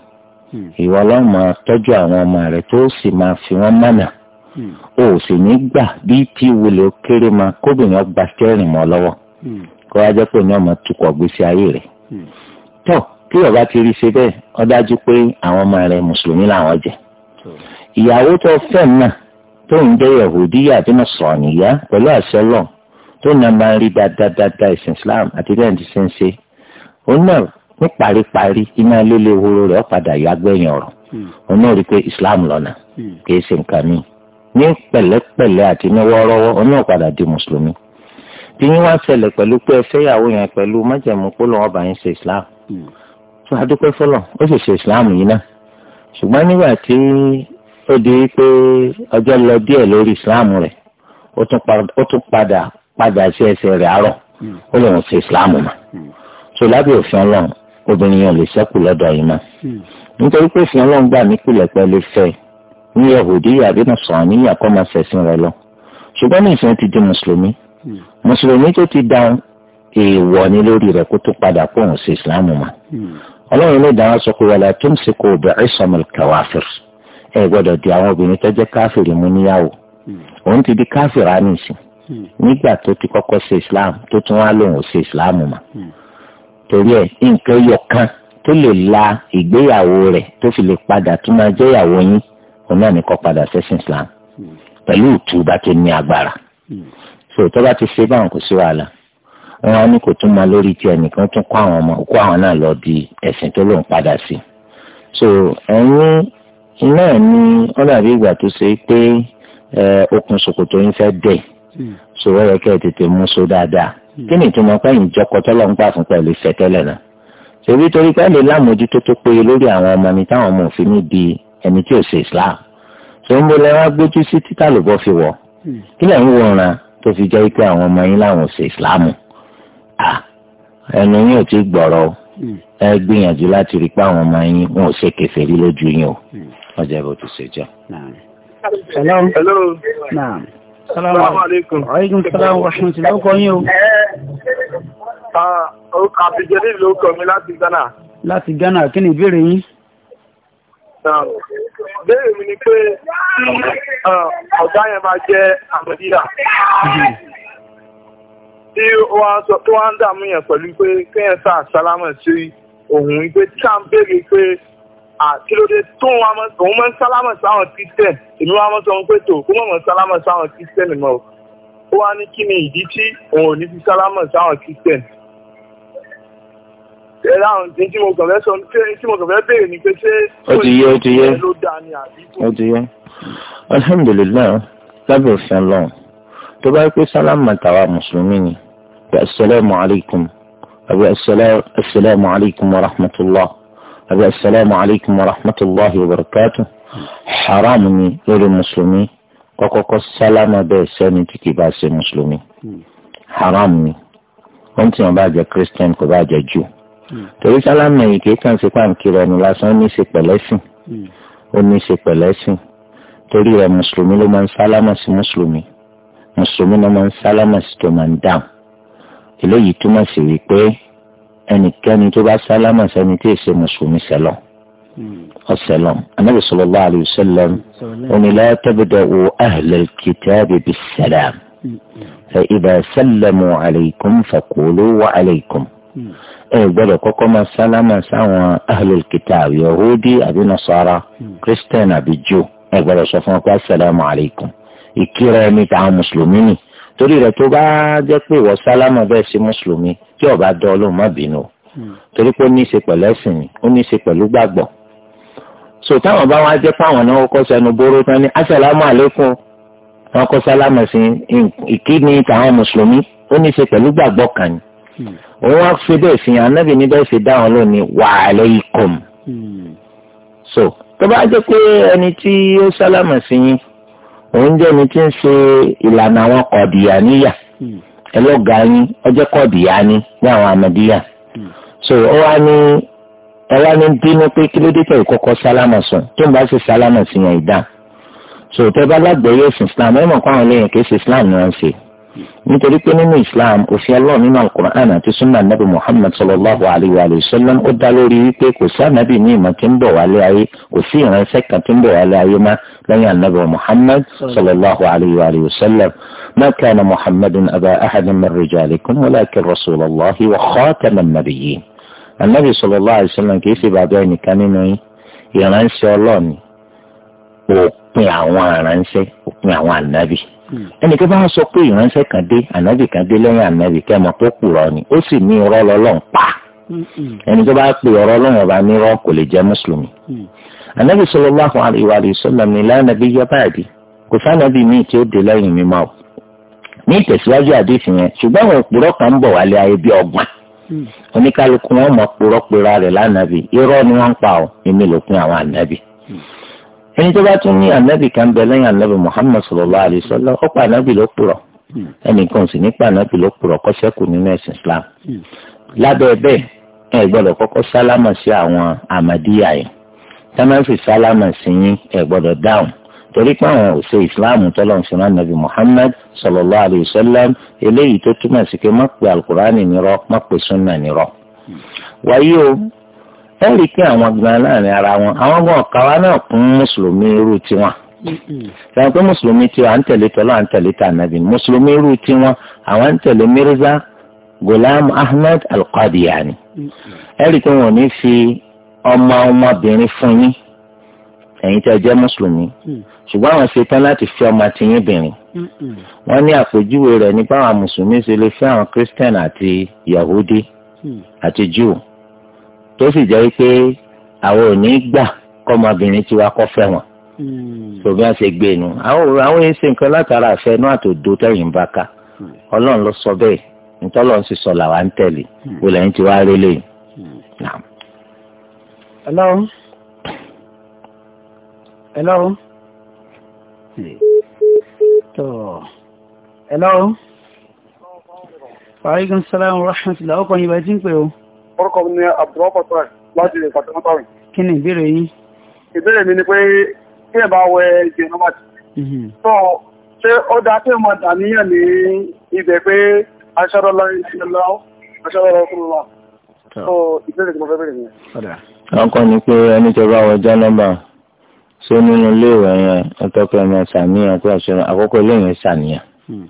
Hmm. ìwọ lọ́ọ́ máa tọ́jú àwọn ọmọ rẹ tó sì máa fi wọ́n mọ̀nà hmm. o ò sì ní gbà bí tí wulẹ̀ kéré ma kóbìnrin ọgbà stẹ́rìn mọ́ lọ́wọ́ hmm. kó wá jẹ́ pé ní ọmọ tukọ̀ gbèsè ayé rẹ̀ tọ́ kí ọba ti rí ṣe bẹ́ẹ̀ ó dájú pé àwọn ọmọ rẹ mùsùlùmí làwọn jẹ ìyàwó tó fẹ́ náà tó ń jẹ́ yahudiya àti nasọ̀nìyá pẹ̀lú àṣẹ lọ tó náà máa rí dáadáa ìsìn Islam àti bẹ́ẹ̀ ti ṣe ń ṣe òun náà ní paríparí iná líle woro rẹ̀ padà yọ agbẹ̀yìn ọ̀rọ̀ oní hmm. òrí pé islam lọ́nà hmm. kì í ṣe nǹkan mi ní pẹ̀lẹ́pẹ̀lẹ́ àti ní wọ́ọ́rọ́wọ́ oní òpadà di mùsùlùmí tí yín wá ṣẹlẹ̀ pẹ̀lú pé ẹ fẹ́yàwó yẹn pẹ̀lú májẹ̀mú kó lọ́wọ́ bá yín ṣe islam tó hmm. adúpẹ́ fọlọ̀ ó sì ṣe islam yìí náà ṣùgbọ́n nígbà tí ó di pé ọjọ́ lọ díẹ̀ lórí islam rẹ̀ ó tún padà padà sí ẹsẹ̀ rẹ̀ àárọ̀ ó lè ṣe islam mà so lábẹ́ òfin ọlọ́run obìnrin yẹn lè ṣẹ́kù lọ́dọ̀ yìí mọ́. nítorí pé fi ọlọ́run gbà nípìnlẹ̀ pẹ̀lú fẹ́ ní yahudi àbí nàṣọ̀rọ̀ níyà kọ́ máa ṣẹ̀sìn rẹ lọ. ṣùgbọ́n ní ìsìn ti di mùsùlùmí mùsùlùmí tó ti dáhùn èèwọ̀ ni lórí rẹ̀ kó tó padà kó òun sí islam mọ́. ọlọ́run ló dáhùn sọ pé wàlá tó ń ṣe kó obìnrin sọmọl kàwáfìr ẹ gbọ́dọ̀ di àwọn obìnrin tó jẹ́ káfìrì mú níyàwó òun ti di káfìrì á nígbà tó ti kọ́kọ́ ṣe islam tó tún wá lóun ò ṣe islam mọ́ torí ẹ̀ nǹkan ẹyọ tó lè la ìgbéyàwó rẹ̀ tó fi lè padà tó máa jẹ́ ìyàwó yín òun náà ní kó padà sẹ́sìn Islam pẹ̀lú ìtura tó ní agbára so tó bá ti ṣe báwọn kò sí wàhálà wọn á ní kò tún máa lórí tiẹ̀ nìkan tún kó àwọn ọmọ kó àwọn náà lọ di ẹ̀sìn tó lòun padà sí so ẹ̀yin náà ni wọ́n dàbí ìgbà tó ṣe pé okùn ṣòkòtò yín fẹ́ dẹ̀ hmm. so wọ́n yẹ kẹ́ ẹ̀ tètè mú so dáadáa kí ni ìtumọ̀ pẹ́yìn ìjọkọ̀ tọ́lọ̀ ń gbà fún pẹ̀lú ìfẹ́ tẹ́lẹ̀ náà ṣèbí torí pé lè lámòjútó tó péye lórí àwọn ọmọ mi táwọn ọmọ òfin mi di ẹni tí ò ṣe Islam ṣé ń bolẹ̀ wá gbójú sí títà lóbọ̀ fi wọ̀ hmm. kí lẹ́yìn wòran tó fi jẹ́ pé àwọn ọmọ yín láwọn ò ṣe Islam ẹnu yín ò ti gbọ̀rọ̀ hmm. ẹ gbìyànjú láti rí pé àwọn ọmọ yín wọn ò ṣe kèfèrí lójú yín o hmm. ọjà ìbò tó ṣe jẹ́. Assalamu alaikum. Alaikum salaam wa rahmatullahi wa barakatuh. Orúkọ àbìjẹ́lì ló kọ̀ mi láti Ghana. Láti Ghana, kí ni ìbéèrè yín? Béèrè mi ni pé ọ̀gá yẹn máa jẹ́ àmọ̀díyà. Tí wọ́n ń yẹn pẹ̀lú pé kéèyàn sá àsálámọ̀ sí òun, ìgbé tí à ń béèrè pé àkílódé tó òun máa ń sálámà sáwọn kristian èmi wá mọ́ sọ pé tó kó mọ̀ mọ́ sálámà sáwọn kristian mọ́ o ó wá ní kí ni ìdí tí òun ò ní fi sálámà sáwọn kristian ẹ̀rọ àwọn tí tí mo kàn fẹ́ sọ tí mo kàn fẹ́ béèrè ni pé ṣé ó ti yé ó ti yé ó ti yé alhamdulilayi lábẹ́ òfin ọlọ́run tó bá pé sálámà tàwa mùsùlùmí ni asalaamualeykum àbí asalaamualeykum wa rahmatulah àbí asalaamu alaykum wa rahmatulahi wa barakatu haram ni lórí mùsùlùmí kọ́kọ́kọ́ sálámà bẹ́ẹ̀ sẹ́ni tí kì bá ṣe mùsùlùmí haram ni wọ́n ti wọn bá jẹ́ christian kò bá jẹ́ jew torí sálámà yìí kìí kàn sí pàǹkìrì ẹni lásán ó ní í ṣe pẹ̀lẹ́sìn ó ní í ṣe pẹ̀lẹ́sìn torí rẹ̀ mùsùlùmí ló máa ń sálámà sí mùsùlùmí mùsùlùmí ló máa ń sálámà sí tó máa ń dáhùn eléyìí túmọ̀ sí wípé ẹnikẹ́ni tó bá sálámà sẹ́ni tí èsè mùsùlùmí sẹ́lọ̀ ọ̀sẹ̀lọ̀ anábì sallallahu alayhi wa sallam onílẹ̀ tabda'u ahlal kitabi bis-salam fa idha sallamu alaykum faqulu wa alaykum ẹ gbọ́dọ̀ kọ́kọ́ máa sálámà sáwọn ahlul yahudi àbí nasara christian àbí jew ẹ gbọ́dọ̀ sọ fún ọ pé asalaamu alaykum ìkírẹ ní tàwọn mùsùlùmí ni torí rẹ tó bá jẹ́ pé ìwọ sálámà bẹ́ẹ̀ sí mùsùlùmí tí ọba dán ọlọ́run má bínú o hmm. torí pé ó ní í ṣe pẹ̀lú ẹ̀sìn ni ó ní í ṣe pẹ̀lú gbàgbọ́ so táwọn bá wọn jẹ́ fáwọn náà kọ́ sẹ́nu bóró tán ní asàlámù àlékún wọn kọ́ sálámù sí ìkíni tàwọn mùsùlùmí ó ní í ṣe pẹ̀lú gbàgbọ́ kan ni hmm. òun wá fi bẹ́ẹ̀ fi hàn anábì ní bẹ́ẹ̀ fi dá wọn lónìí wa alaykum hmm. so tó bá jẹ́ pé ẹni tí ó sálámù sí yín òun jẹ́ ẹni tí ń ṣe ìlànà àwọn kọ̀dìyàníyà ẹlọ́gà yín ọjọ́ kọ̀dìyà ni ní àwọn amadiya hmm. so ó wá ní ẹ wá ní bínú pé kí ló dé tẹ̀ ìkọ́kọ́ sálámà sùn tó ń bá ṣe sálámà sí yẹn ìdá so tẹ́ bá lágbẹ̀ẹ́ yóò sìn islam ẹ mọ̀ kó àwọn lẹ́yìn kì í ṣe islam ni wọ́n ń ṣe nítorí pé nínú islam òfin ọlọ́run nínú alukur'an àti sunna nabi muhammad sallallahu alayhi wa sallam ó dá lórí wípé kò sí ànábì ní ìmọ̀ tí ń bọ̀ wálé ayé kò sí ìránṣẹ́ kan tí ń bọ̀ wálé ayé má lẹ́yìn ànábì muhammad sallallahu alayhi wa sallam ma kana muhammadun aba ahadin min rijalikum walakin rasulallahi wa khataman nabiyyin ànábì sallallahu alayhi wa sallam kì í ṣe bàbá ẹnìkan nínú ìránṣẹ́ ọlọ́run òpin àwọn ìránṣẹ́ òpin àwọn ànábì ẹnìkan bá sọ pé ìránṣẹ́ kan dé ànábì kan dé lẹ́yìn ànábì kẹ́mọ̀ tó kùrọ̀ ni ó sì ní irọ́ lọ́lọ́run pa ẹni tó bá pe ọ̀rọ̀ ọlọ́run ọba nírọ́ kò lè jẹ́ mùsùlùmí. ànábì sallallahu alaihi wa sallam ní la nabiyya ba'di kò sánàbì míì tí ó dé lẹ́yìn mi máa ní ìtẹ̀síwájú àdéhìí yẹn ṣùgbọ́n àwọn òpùrọ̀ kan ń bọ̀ wálé ayé bí ọgbọ̀n oníkálukú wọn mọ̀ pòrọ̀pẹ̀rẹ̀ rẹ̀ lánàbì irọ́ ni wọ́n ń pa ọ́ èmi lòpin àwọn ànábì ẹni tó bá tún ní anabi kan bẹ lẹ́yìn anabi muhammad sallallahu alayhi wa sallam ó pa anabi ló purọ́ hmm. ẹnìkan sì ní pa anabi ló purọ́ kò ṣẹ́kù nínú ẹ̀sìn islam hmm. lábẹ́ bẹ́ẹ̀ ẹ gbọ́dọ̀ kọ́kọ́ sálámà sí àwọn amadiya yẹn támánsì sálámà sí yín ẹ gbọ́dọ̀ dáhùn torí pé àwọn òṣè ìsìláàmù tọ́lọ̀ ń sinmi anabi muhammad sallallahu alayhi wa sallam eléyìí tó túmọ̀ sí pé má pe alukur'ani nírọ́ má pe sunna nírọ́ hmm. wáyé o ẹ rí i pé àwọn gan láàrin ara wọn àwọn gan ọ̀kàwá náà kún mùsùlùmí irú tiwọn sọ pé mùsùlùmí tiwọn à ń tẹ̀lé tọ́lá à ń tẹ̀lé tànàbí mùsùlùmí irú tiwọn àwọn ń tẹ̀lé Mirza Ghulam Ahmed Al-Qadiani ẹ rí i pé wọn ò ní fi ọmọ ọmọbìnrin fún yín ẹ̀yin tí a jẹ́ mùsùlùmí ṣùgbọ́n àwọn ṣetán láti fi ọmọ àtìyín bìnrin wọ́n ní àpèjúwe rẹ̀ nípa àwọn mùsùlùmí ṣe lè fẹ́ àwọn kírísítẹ̀nì àti yahudi tó sì jẹ́ pé àwọn ò ní gbà kọ́mọbìnrin tiwa kọ́ fẹ́ wọn tó hmm. bí wọn ṣe gbé e nu àwọn àwọn yẹn ṣe nǹkan látara àfẹnú àtòdó tẹyìn bá ká hmm. Ọlọ́run ló sọ bẹ́ẹ̀ ntọ́lọ́run sì sọ làwa ń tẹ̀lé hmm. wò lẹ́yìn tí wàá rí lẹ́yìn. hello hello tó hello. wàhálà ìgbọ̀nsẹ̀ láwọn rọ́ṣùn ti làwọn kan yìí bá ti ń pè o orúkọ mi ni abdulwapọ̀ sọ̀rọ̀ láti lè pàtàkì mọ́tò rìn. kí ni ìbéèrè yín. ìbéèrè mi ni pé kí ẹ bá wẹ ìgbẹ́ náà wájú. tó ṣé ó dáa kí ẹ máa dàníyàn ní ibẹ̀ pé aṣọ́rọ̀ lọ́wọ́ tó ìbéèrè tí mo fẹ́ bẹ̀rẹ̀ nìyẹn. ọkọ ni pé ẹni tó bá wọ jánọ́bà ṣé nínú iléèwé yẹn ọtọ́kọ ẹ̀ máa ṣàníyàn pé àṣọra àkọ́kọ́ iléèwé ṣàníyàn hmm.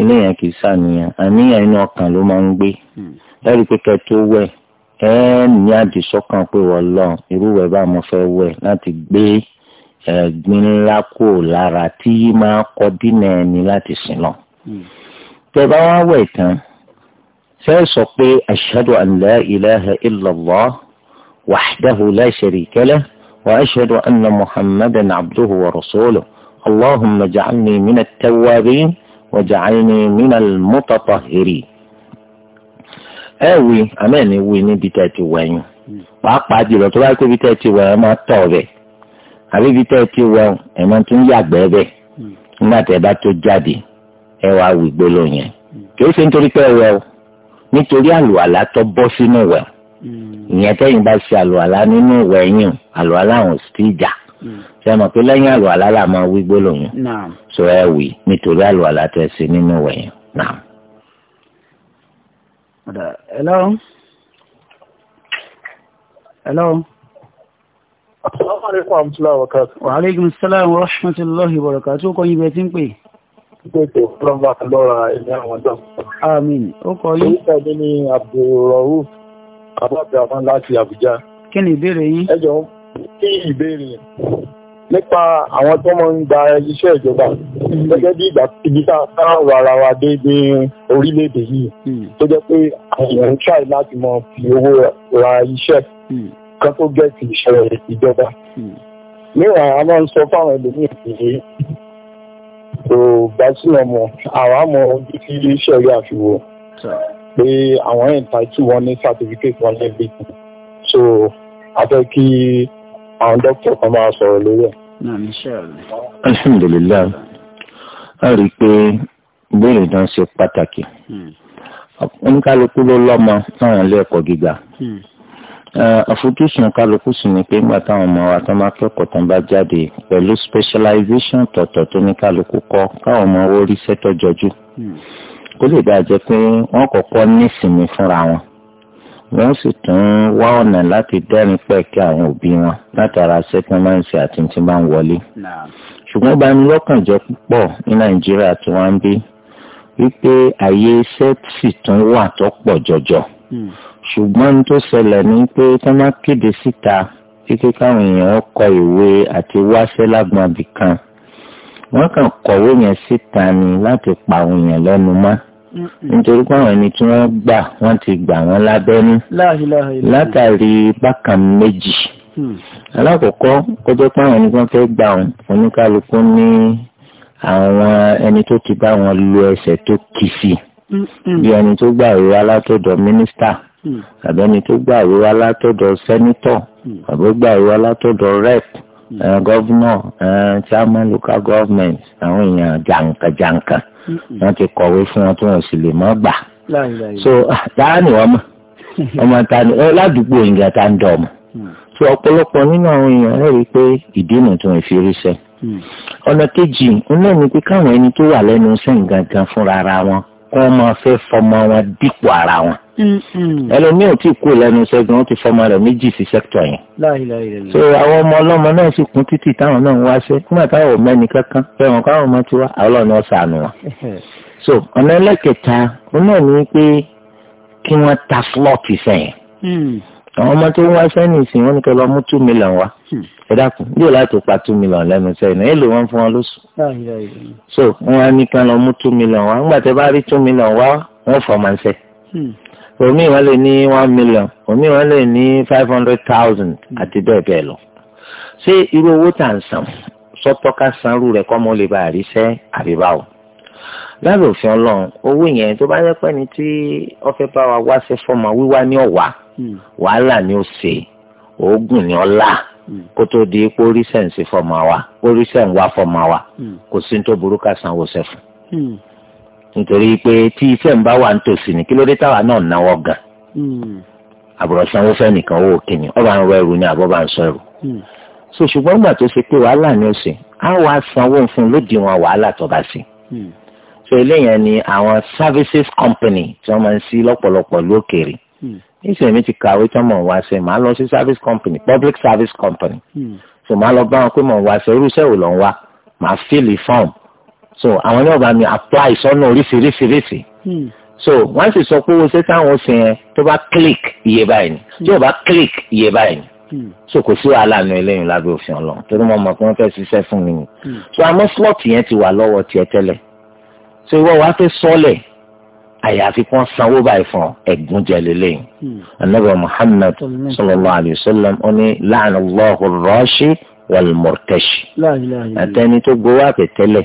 iléèyàn kì í ṣàníyàn àníyàn inú ọkàn ló máa ń gbé hmm. lẹ́rìí pé kẹ́ẹ́ tó wẹ̀ ẹ ní àdìsọ́kàn pé wọ́lọ́ irúwẹ̀ bá mo fẹ́ wẹ̀ láti gbé ẹ̀gbin ńlá kò lára tí máa kọ dínà ẹni láti sìn lọ. Hmm. tẹ́ bá wá wẹ̀ tán fẹ́ sọ pé ashhadu an la ilaha illallah wahdahu la sharika lah wa ashhadu anna wa rasuluhu allahumma ja'alni min at wa ja'alni min al ẹ wí àmẹ́ni wí níbi tẹ́ ti wẹ̀ yín pàápàá jùlọ tó bá pé ibi tẹ́ ti wẹ̀ ẹ máa tọ̀ bẹ̀ àbí ibi tẹ́ ti wẹ̀ ẹ máa tún yàgbẹ́ bẹ̀ nígbà tẹ́ bá tó jáde ẹ wá wí gbólóhùn yẹn kì í ṣe nítorí pé ẹ wẹ̀ o nítorí àlùwàlá tó bọ́ sínú wẹ̀ ìyẹn tẹ́yìn bá ṣe àlùwàlá nínú ìwẹ̀ yín àlùwàlá àwọn sì jà ṣe mọ̀ pé lẹ́yìn àlùwàlá là wí gbólóhùn so ẹ wí nítorí àlùwàlá tẹ́ ṣe nínú ìwẹ̀ yín náà. ọ̀dà hello hello. Assalamualaikum warahmatullahi wabarakatuh. Wa alaikum assalam wa rahmatullahi wa barakatuh. Ó kọ́ yín bẹ́ẹ̀ tí ń pè. Ìgbésẹ̀ Plọ́mbà lọ́ra ẹ̀mí àwọn dán. Àmín. Ó kọ́ nípa àwọn tó mọ̀ ń gba iṣẹ́ ìjọba gẹ́gẹ́ bí ìgbà ibi tá a wà ara wa dé ní orílẹ̀-èdè yìí hmm. tó jẹ́ pé èèyàn ń ṣàì láti mọ fi owó ra iṣẹ́ hmm. kan tó gẹ̀ẹ́sì iṣẹ́ ìjọba. Hmm. níwọ̀n a máa ń sọ fáwọn ẹlòmíì pé kò bá sínú ọmọ àwa mọ ojú sí iṣẹ́ rí àfiwò pé àwọn ẹ̀ǹtà tí wọ́n ní certificate wọn lẹ́gbẹ̀ẹ́ so a fẹ́ kí àwọn dókítà kan máa sọ̀rọ̀ lórí ẹ̀. alhamdulilayi a rí i pé ìbéèrè náà ṣe pàtàkì hmm. oníkálukú ló lọ́mọ táwọn ilé ẹ̀kọ́ gíga hmm. eh, àfojúsùn kálukú sì ni pé nígbà táwọn ọmọ wa tó máa kẹ́kọ̀ọ́ tó ń bá jáde pẹ̀lú specialization tọ̀tọ̀ tó ní kálukú kọ́ káwọn ọmọ owó rí sẹ́tọ̀ jọjú hmm. kó lè dáa jẹ́ pé wọ́n kọ́kọ́ nísìnyí fúnra wọn wọ́n sì tún wá ọ̀nà láti dẹ́rìn pẹ̀kẹ́ àwọn òbí wọn látara sẹ́kọ́mẹ́ǹsì àti tí bá ń wọlé. ṣùgbọ́n bá ní lọ́kàn jẹ́ púpọ̀ ní nàìjíríà tí wọ́n ń bí wípé àyè iṣẹ́ sì tún wà tó pọ̀ jọjọ. Hmm. ṣùgbọ́n ní tó ṣẹlẹ̀ ni pé tí wọ́n kéde síta kíkẹ́ káwọn èèyàn kọ ìwé àti wáṣẹ́ lágbọ̀n abìkan wọ́n kàn kọ̀wé yẹn síta ni láti pa àwọn èèyàn lẹ́nu mọ́ nítorí pé àwọn ẹni tí wọ́n gbà wọ́n ti gbà wọ́n lábẹ́nú látàrí bákan méjì hmm. alákọ̀ọ́kọ́ kọjá pé àwọn ẹni tí wọ́n fẹ́ gbà wọn oníkálukú ní àwọn ẹni tó ti bá wọn lu ẹsẹ̀ tó kì sí hmm. bí ẹni tó gbà ìwé alátọ̀dọ̀ mínísítà hmm. àbí ẹni tó gbà ìwé alátọ̀dọ̀ sẹ́nítọ̀ àbí gbà ìwé alátọ̀dọ̀ rẹ́p eh, gọ́vnọ̀ eh, chairman local government àwọn èèyàn jàǹkàjàǹkà wọ́n ti kọ̀wé fún wọn tí wọ́n sì lè mọ́ gbà so dáa ni wọ́n mọ̀ ọmọ ta ni ọ ládùúgbò ìgbà tá ń dọ̀ ọmọ so ọ̀pọ̀lọpọ̀ nínú àwọn èèyàn rẹ̀ rí i pé ìdí nù tí wọ́n fi rí sẹ́yìn ọ̀nà kejì ń lẹ́nu pé káwọn ẹni tó wà lẹ́nu sẹ́yìn gangan fúnra ara wọn kọ́ máa fẹ́ fọmọ wọn dípò ara wọn. Mm-hmm. ẹlòmíì ò tí kú lẹ́nu ṣẹ́gun ó ti fọmọ rẹ̀ méjì sí sẹ́kítọ̀ yẹn. so àwọn ọmọ ọlọ́mọ náà sì kún títì táwọn náà ń wá ṣe nígbà táwọn ò mẹ́ni kankan fẹ́ràn káwọn ọmọ ti wá àwọn náà sànù wọn. so ọ̀nà ẹlẹ́kẹta náà ni pé kí wọ́n ta flọ́ọ̀tì sẹ́yìn àwọn ọmọ tó ń wá sẹ́yìn ìsìn wọn ni kẹ́ lọ mú two million wá hmm. ẹ dákun yóò láti pa two million lẹ́nu sẹ́yìn náà èlò wọn fún wọn lóṣù. so wọn á ní kán lọ mú two million wá ńgbà tẹ bá rí two million wá wọn fọmọ ń sẹ hmm. omi wọn lè ní one million omi wọn lè ní five hundred thousand hmm. àti bẹ́ẹ̀ bẹ́ẹ̀ lọ. ṣé irú owó tà ń san sọ́tọ́ká sanrú rẹ̀ kọ́ mọ́ lè bá àríṣẹ́ àbíbáwò lábẹ́ òfin ọlọ́run owó yẹn tó bá yẹ pé ni tí ọfẹ́ bá wa wá sí fọ́ọ̀mù wíwá ní ọ̀wá hmm. wàhálà ni ó ṣe oògùn ni ó là hmm. kó tó di pé oríṣẹ́ ń ṣe fọ́ọ̀mù wa oríṣẹ́ ń wá fọ́ọ̀mù wa hmm. kò sí tó burú ká sanwó ṣe fún. nítorí pé tí iṣẹ́ ń bá wà nítòsí ni kí ló dé táwa náà náwó gan àbúrò sanwó fẹ́ nìkan owó kìnnì ọba ń rọ ẹrù ni àbọ̀ bá ń sọ ẹrù so ṣùgbọ́n gbà tó ṣe pé wàhálà ni ó ṣe á wàá sanwó fún lódiwọ̀n wàhálà tó bá ṣe so eléyàn ni àwọn services company tí wọ́n máa ń sí lọ́pọ̀lọpọ̀ lókèrè hmm. níṣẹ́ mi ti kàwé tí wọ́n mọ̀ wá ṣe màá lọ sí service company public service company hmm. so màá lọ bá wọn pé mọ̀ wá ṣe irúṣẹ́ wò lọ́ ń wá màá fill the form so àwọn ní ọba mi apply sọ́nà oríṣiríṣiríṣi hmm. so wọ́n sì sọ pé owó ṣe táwọn ṣe yẹn tó bá click iye báyìí ni tí ò bá click iye báyìí ni so kò sí wàhálà nu eléyìí lábẹ́ òfin ọlọ́run torí mo mọ̀ pé wọ́n fẹ́ ṣiṣẹ́ fún mi ni so àmọ́ slot yẹn ti wà lọ́wọ́ tiẹ̀ tẹ́lẹ̀ so ìwọ wàá fẹ́ sọ́ọ̀lẹ̀ àyàfi kí wọ́n sanwó báyìí fún ẹ̀gún jẹ̀lélẹ̀ yìí anabi hmm. muhammad sallallahu alayhi wa sallam ó láàánú allahu rọ́ọ̀ṣì wàlmọ̀tẹ́ṣì àtẹni tó gbowó àpẹtẹ́lẹ̀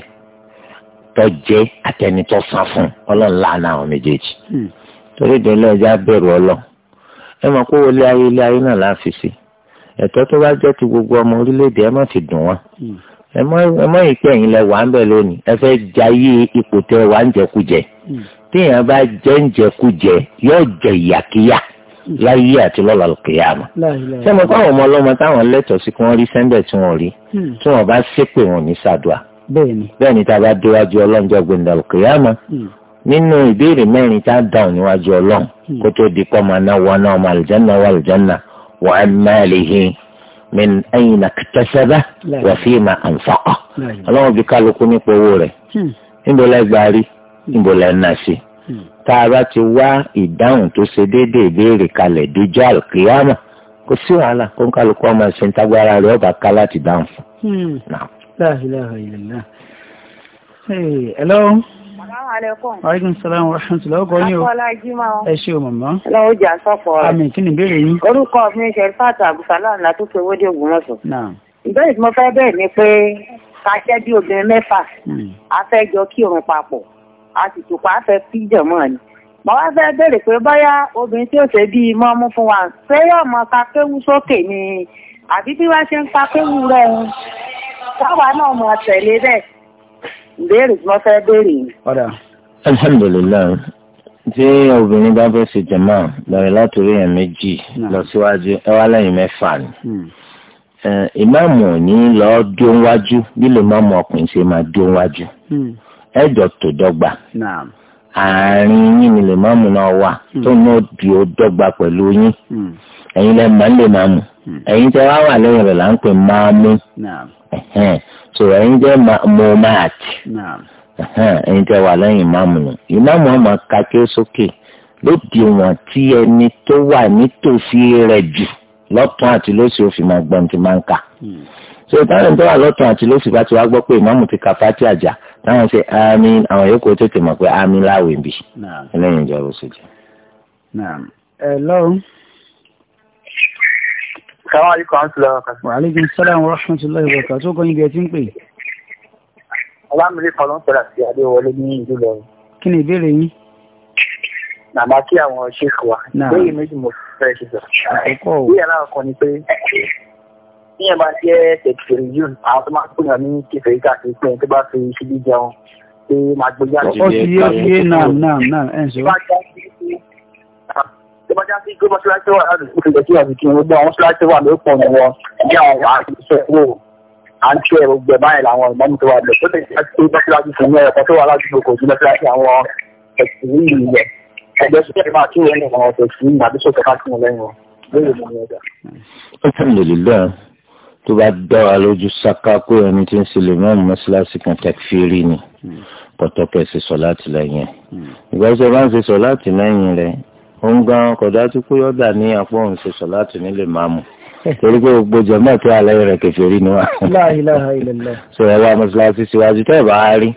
tó jẹ́ àtẹni tó san fún ọlọ́run láàánú àwọn méjèèjì hmm. torí ìdílé ẹja bẹ̀rù ọlọ́ ẹ mọ̀ kó wọlé ayé ilé ayé náà láàfin sí ẹ̀tọ́ tó bá jẹ́ ti gbogbo ọmọ orílẹ̀ ẹ má fi dùn wọn. Hmm. ẹ mọ ìpẹ́ yìí lẹ wà ń lónìí ẹ fẹ́ jayé ipò tẹ wà ń jẹkújẹ hmm. téèyàn bá jẹ ń yóò jẹ ìyàkíyà hmm. láyé àti lọlọ kìyàmù. ṣé mo ọmọ táwọn lẹ́tọ̀ọ́ sí kí wọn rí sẹ́ńdẹ̀ tí wọ́n rí hmm. tí wọ́n bá sépè wọn ní bẹ́ẹ̀ ni tá a bá déwájú nínú ìbéèrè mẹ́rin tá a dáhùn kó tó di min ẹyin akitasẹbẹ wàfíì ma ànfàkọ Ọlọ́run bí kálukú nípa owó rẹ̀ hmm. níbo lẹ gba rí hmm. níbo lẹ nà sí hmm. tá a bá ti wá ìdáhùn tó ṣe déédéé ìbéèrè kalẹ̀ díjọ́ àlùkìyàmà kò sí wàhálà kó ń kálukú ọmọ ẹsẹ̀ ń tagbára rẹ̀ ọba ká láti dáhùn fún. Hello. Aleykum salaam wa rahmatullahi ọkọ̀ ní o. Ẹ ṣe o màmá. Lọ́wọ́ jà sọ́pọ̀ rẹ̀. Àmín kí ni ìbéèrè yín? Orúkọ mi ṣe Fáàtà Àbùsálà ńlá tó pe Wódé Ògúnmọ̀sọ̀. Ìbéèrè tí mo fẹ́ bẹ̀rẹ̀ ni pé ká jẹ́ bí obìnrin mẹ́fà. Hmm. A fẹ́ jọ kírun papọ̀. A sì tò pa á fẹ́ kí jọ̀mọ́ ni. Mo wá fẹ́ bèèrè pé bóyá obìnrin tí ó ṣe bí mọ́ mú fún wa ṣé yóò mọ ká kéwú sókè ni àbí bí wá ṣe ń ka kéwú rẹ̀ táwa náà mọ̀ tẹ̀lé bẹ́ẹ̀ béèrè tí wọ́n fẹ́ béèrè yìí. alhamdulilayi tí obìnrin bá fẹ́ ṣe jama lọ́rẹ́ látòrí ẹ̀ méjì lọ síwájú ẹ wá lẹ́yìn mẹ́fà ni hmm. ìmáàmù ní lọ́ọ́ dún wájú bí lè máàmù ọkùnrin ṣe máa dún wájú hmm. ẹ̀jọ̀ tó dọ́gba àárín yín ni lè máàmù náà wà hmm. tó náà di ó dọ́gba pẹ̀lú yín ẹ̀yin lẹ́ẹ̀ máa ń lè máàmù ẹ̀yin tẹ́ wá wà lẹ́yìn rẹ̀ là ń pè máàmù so ẹ̀yin jẹ́ momat ẹ̀yin jẹ́ wà lẹ́yìn ìmáàmù nù ìmáàmù ọmọ kakẹ́ sókè lóde wọn tí ẹni tó wà nítòsí rẹ̀ jù lọ́tún àti lósì òfin máa gbọ́n ti máa ń kà hmm. so táwọn tó wà lọ́tún àti lósì bá ti wá gbọ́ pé ìmáàmù ti kà fátì àjà táwọn ṣe àmín àwọn yòókù tètè mọ̀ pé àmín láwìn bì ẹlẹ́yin ìjọba ó ṣe jẹ́. ẹ lọ́rùn. Assalamu alaikum warahmatullahi wabarakatuh. Wa alaikum assalam warahmatullahi wabarakatuh. Tó kọ́ yín bí ẹ ti ń pè. Ọlámilé Fọlọ́n sọ̀rọ̀ sí Adéwọlé ní ìlú Ìlọrin. Kí ni ìbéèrè yín? Nàmá kí àwọn ṣéèkì wa. Lẹ́yìn méjì mo fẹ́ ṣe sọ. Àkọ́kọ́ o. Bí aláwọ̀ kan ni pé ní ẹ̀ máa jẹ́ tẹ̀kìtìrì yìí, àwọn tó máa ń pèyàn ní kẹfẹ́ káàkiri pé tó bá fi ṣíbí jẹun pé máa gbé jáde. Ó ti yé ó ti yé náà náà náà ẹ̀ ń sọ tó bá já sí pé mọ́ṣáláṣí wà láti fún ìgbẹ́ tí wà ní kí wọ́n gbọ́ àwọn mọ́ṣáláṣí wà ló pọ̀ wọn ní dá wa lójú sáká pé ẹni tí ń ṣẹlẹ̀ mọ́mú mọ́ṣáláṣí kan takfiri ni pọ̀tọ́kẹ́ hmm. sọ láti lẹ́yìn ẹ̀. Hmm. ìgbà tí wọ́n bá ń ṣe sọ láti lẹ́yìn rẹ̀ òun gan kò dájú pé ọ̀dà ní àpò òun ṣe sọ láti nílé màmú torí pé gbogbo jẹ̀mọ́ kí alẹ́ rẹ̀ kẹfẹ́ rí ni wá. sọ ẹ wá mọ́ṣáláṣí síwájú tẹ́ ẹ bá rí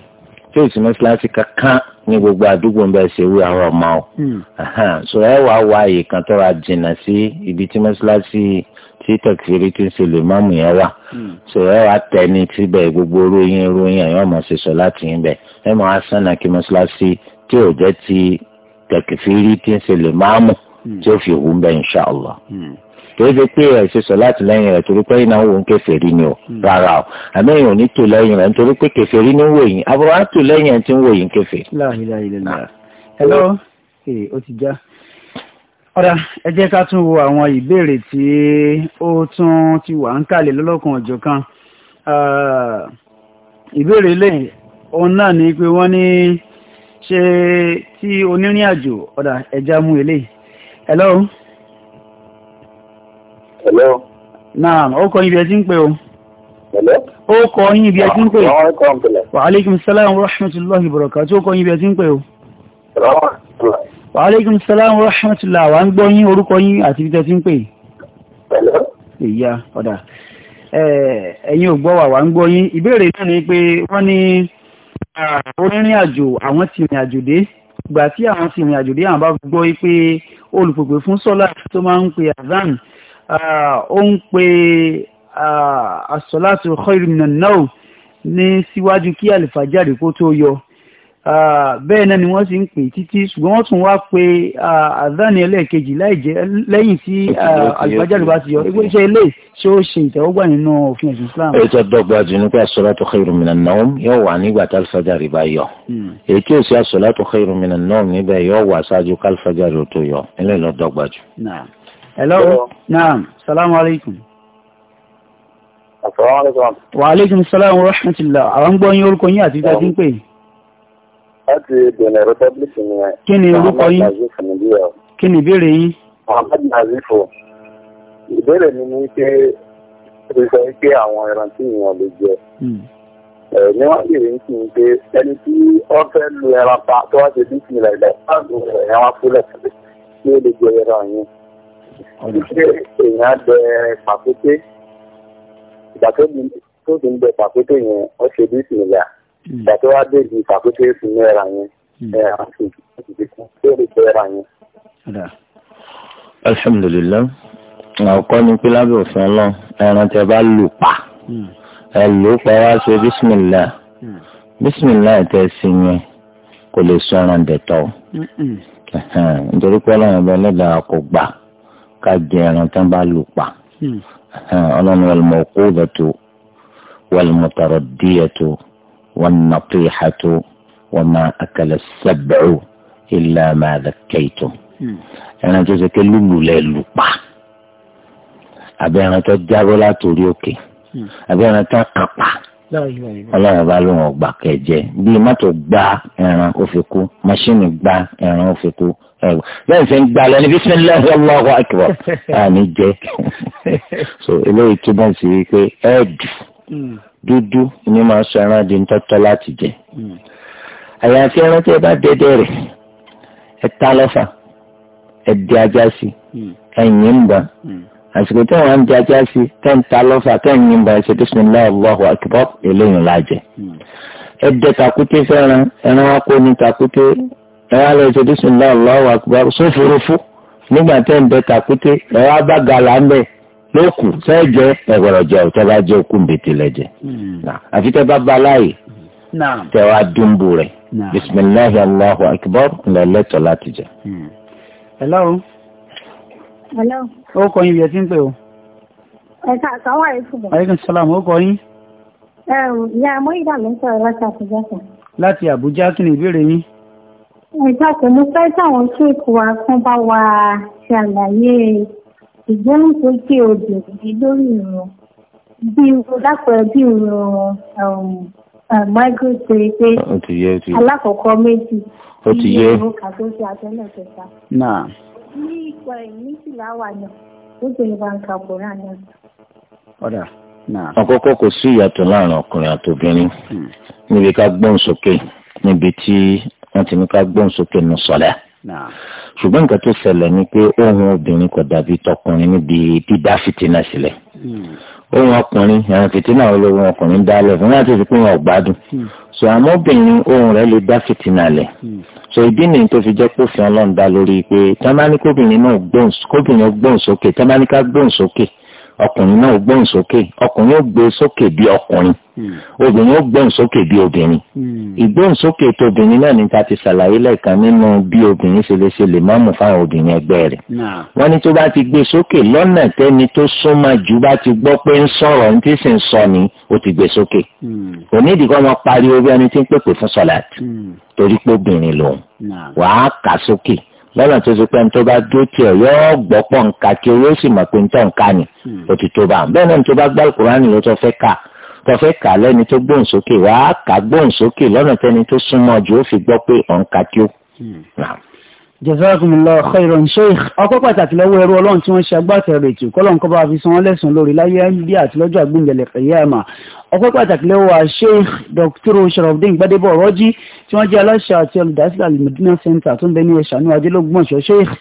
tí ò sí mọ́ṣáláṣí kankan ní gbogbo àdúgbò ń bẹ ṣe wí àwọn ọmọ o. Hmm. sọ ẹ wá wá àyè kan tọ́ra jìnnà sí ibi tí mọ́ṣáláṣí tí tẹ̀sírí ti ń ṣe lè mọ́mù yẹn wà. Hmm. sọ ẹ wá tẹni síbẹ̀ gbogbo ròyìn ròyìn ẹ̀yọ́ ṣe sọ láti yín bẹ̀ ẹ mọ̀ á sànà kí mọ́ṣáláṣí tí ò jẹ́ ti kẹ̀kẹ́fìrí tí ń ṣe lè máa mú hmm. tí ó fi hù ń bẹ́ insha Allah. tó hmm. ṣe pé ẹ̀ ṣe sọ láti lẹ́yìn rẹ̀ torí pé ìnáwó ń kèfèrí ni o hmm. rárá o àmẹ́yìn ò ní tò lẹ́yìn rẹ̀ nítorí pé kèfèrí ní wòyìn àbúrò á tò lẹ́yìn ẹ̀ tí ń wòyìn kèfèrí. hello ó ti já ọ̀dà ẹ jẹ́ ká tún wo àwọn ìbéèrè tí ó tún ti wà ń kàlẹ̀ lọ́lọ́kan ọ̀jọ̀ kan ah, ìbéèrè lẹ́yìn òun náà ni pé wọ́n ní ṣe tí onírìn àjò ọ̀dà ẹja mú eléyìí hello. hello. naam ó kọ́ ibi ẹ ń pè o. hello. ó kọ́ yín ibi ẹ ń pè. wa aleykum salaam wa rahmatulahi barakatuh ó kọ́ ibi ẹ ń pè o. wa aleykum salaam wa rahmatulahi wa ń gbọ́ yín orúkọ yín àti ibi ẹ ń pè. hello. ìyá ọ̀dà ẹ̀yin ò gbọ́ wà wá ń gbọ́ yín ìbéèrè náà onírìn ah, àjò àwọn ti rìn àjò dé ìgbà tí àwọn ti rìn àjò dé àwọn bá gbọ́ pé olùpèpè fún sọ́lá tó máa ń pe azan ah, ó ń pe ah, as-salatu khairu ní síwájú kí àlìfàjáde kó tó yọ. Ah, bẹ́ẹ̀ náà ni wọ́n sì ń pè títí ṣùgbọ́n wọ́n tún wá pé àdáni ah, ẹlẹ́ẹ̀kejì lẹ́yìn tí àlùbájáde ah, bá ti yọ ẹgbẹ́ iṣẹ́ ilé ṣé ó ṣe ìtẹ́wọ́gbà nínú òfin ẹ̀sìn Islam. èyí tó dọ́gba jù ní pé as-salatu khayrun minan nawm yóò wà nígbà tí alifajari bá yọ hmm. èyí tí ó ṣe as-salatu khayrun minan nawm níbẹ̀ yóò wà ṣáájú kí alifajari ó tó yọ ilé lọ hello naam salaam wa rahmatulah àwọn gbọ́ yín orúkọ yín àti ìgbà tí ń pè é láti Benin Republic nìyẹn. kí ni orúkọ yín kí ni ìbéèrè yín. Muhammad Nazifo ìbéèrè mi ni pé ó sọ pé àwọn ẹran tí èèyàn lè jẹ ní wọ́n lè rí sí i pé ẹni tí wọ́n fẹ́ lu ẹran pa tó wá ṣe bísí ilẹ̀ ilẹ̀ láàbò ẹ̀yàn wá fúlẹ̀ tí ó lè jẹ ẹran yẹn. ṣé èèyàn bẹ pàkúté ìgbà tó ti ń bẹ pàkúté yẹn wọ́n ṣe bísí ilẹ̀ Hmm. ìgbà tó wá dé ibi ìfàkóso èsì náírà yẹn hmm. ẹ àti ìdìbò tó lè tẹ́ra yẹn. alhamdulilayi àkọ́kọ́ ni pé lábẹ́ òfin ọlọ́run ẹran tẹ bá lù pa hmm. ẹ lù ú pa wá ṣe bísímìlá bísímìlá tẹ sí yẹn kò lè sọ ẹran dẹ̀tọ̀ nítorí pé ọlọ́run ọba ẹlẹ́dàá kò gbà ká jẹ ẹran tán bá lù pa ọlọ́run wal mawqudatu wal mutaraddiyatu. والنطيحة وما أكل السبع إلا ما ذكيتم hmm. أنا جزاك اللو ليلو àbí ẹran tó jábọ́ látòrí òkè àbí ẹran tó kápá ọlọ́run bá lóun ọgbà kẹjẹ bíi mọ́tò gba ẹran ó fi kú mọ́ṣíìnì gba ẹran ó fi kú lẹ́yìn tí ń gba lọ ní bisimilahi Allahu akbar àní jẹ́ so eléyìí túbọ̀ sí wípé ẹ̀ẹ́dù dúdú ni máa sọ ẹran di ńtọ́tọ́ láti jẹ. àyàfi ẹran tí ẹ bá dẹdẹ rẹ̀ ẹ ta lọ́fà ẹ di ajá sí ẹ̀yìn ń bọ̀ àsìkò tí wọ́n ń di ajá sí tẹ́ ń ta lọ́fà kẹ́yìn ń bọ̀ ẹsẹ̀ bismillah Allahu akbar eléyìí lájẹ. ẹ dẹ takute fẹ́ràn ẹran wa kó ní takute ẹ wá lọ ẹsẹ̀ bismillah Allahu akbar sófurufú nígbà tẹ́ ń dẹ takute ẹ wá bá gàlà ń bẹ̀ ló kù sẹ́ẹ̀jẹ́ ẹ̀gbọ́dọ̀ jẹ́ ọ̀tọ́ bá jẹ́ okùn bètè lẹ́jẹ̀ hmm. àfi tẹ́ bá bá láàyè tẹ́ wá dúnbù rẹ̀ bisimilahi allahu akbar lẹ́lẹ́tọ̀ láti jẹ. Hmm. hello. hello. ó kọ yín bí ẹ ti ń pè o. ẹ̀ka àkàwọ̀ àìfùbọ̀. aleykum salaam ó kọ yín. ìyá amóyídà ló ń sọ̀rọ̀ láti àbújá kan. láti àbújá kí ni ìbéèrè yín. ẹ̀ka kò ní fẹ́ sáwọn tí èkó wa fún bá ṣùgbọ́n nítorí um, um, pé obìnrin lórí wọn bí wọn bí wọn migrate pé pé alákọ̀ọ́kọ́ méjì tí ìlú kàtóṣe àtẹ́lẹ̀ kẹta. ní ìpò ẹ̀yìn méjìlá wà náà ó ìwà nǹkan àkùrá náà àkọ́kọ́ kò sí ìyàtọ̀ láàrin ọkùnrin àti obìnrin hmm. níbi ká gbóhùn sókè níbi tí wọ́n ti ní ká gbóhùn sókè nù sọ́lẹ̀ ṣùgbọ́n nǹkan tó ṣẹlẹ̀ ni pé ohun obìnrin kò dàbí tọkùnrin níbi dídá fìtínà sílẹ̀ hmm. ohun ọkùnrin àwọn fìtínà olówó ọkùnrin dálẹ̀ fún láti fi pé wọn ò hmm. so àmọ́ obìnrin ohun rẹ̀ lè dá fìtínà lẹ̀ hmm. so ìdí nìyí tó fi jẹ́ kó fi ọlọ́run dá lórí pé tẹ́mánì kóbìnrin náà gbóhùn sókè tẹ́mánì ká ọkùnrin náà gbóhùn sókè ọkùnrin ó gbé sókè bí ọkùnrin hmm. obìnrin ó gbóhùn sókè bí obìnrin hmm. ìgbóhùn sókè tó obìnrin náà ní ta ti ṣàlàyé lẹ́ẹ̀kan nínú bí obìnrin ṣe lè ṣe lè má mú fáwọn obìnrin ẹgbẹ́ rẹ̀ wọ́n ní tó bá ti gbé sókè lọ́nà tẹ́ni tó súnmọ́ jù bá ti gbọ́ pé ń sọ̀rọ̀ ní tí sì ń sọ ni ó ti gbé sókè onídìí hmm. kọ́ máa pariwo bí ẹni tí ń pèpè fún sọ̀làt torí pé obìnrin lòun wàá kà sókè lọ́nà tó ti pẹ́ ní tó bá dúró tiẹ̀ yóò gbọ́ pọ̀ nǹka kí o yóò sì mọ̀ pé nítorí nǹka ni o hmm. ti tó bá ń bẹ́ẹ̀ náà ní tó bá gbá Kùránì ló tó fẹ́ kà tó fẹ́ kà lẹ́ni tó gbóhùn sókè wàá kà gbóhùn sókè lọ́nà tẹ́ni tó súnmọ́ ju ó fi gbọ́ pé ọ̀nka kí o jazakumullahu khairan sheikh ọpẹ́ pàtàkì lọ́wọ́ ẹrú ọlọ́run tí wọ́n ṣe agbátẹrù ètò kọ́lọ́n kọ́ bá fi san wọ́n lẹ́sùn lórí láyé bí àti lọ́jọ́ àgbéǹdẹ̀lẹ̀ kẹ̀yàmà ọpẹ́ pàtàkì lọ́wọ́ sheikh dr sharafdin gbadebo ọ̀rọ́jì tí wọ́n jẹ́ aláṣẹ àti olùdásílẹ̀ alimudina center tó ń bẹ ní ẹ̀ṣánú adélógún ọ̀ṣọ́ sheikh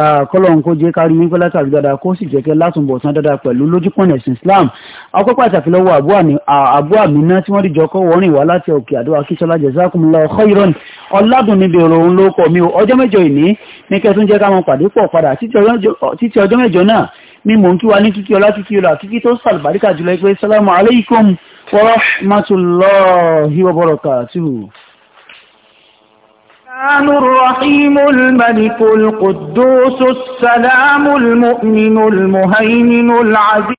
kọ́lọ́run kó jẹ́ kárí yín pẹ́lá tàbí dáadáa kó sì jẹ́kẹ́ látúnbọ̀ tán dáadáa pẹ̀lú lójúpọ̀nà ẹ̀sìn Islam ọkọ̀ pàtàkì lọ́wọ́ àbú àmínà tí wọ́n dìjọ kọ́ wọ́rin wá láti òkè àdó akíṣọ́lá jazakumullahu khairan ọ̀làdùn níbi ìròhùn ló kọ̀ mí ọjọ́ mẹ́jọ ìní ní kẹ́tún jẹ́ káwọn pàdé pọ̀ padà títí ọjọ́ mẹ́jọ náà ní mò ń kí wa ní kíkí ọlá kíkí ọlá kíkí tó sàlùbáríkà jùlọ pé sálámù alaykum wa rahmatullahi wa barakatuhu. الرحمن الرحيم الملك القدوس السلام المؤمن المهيمن العزيز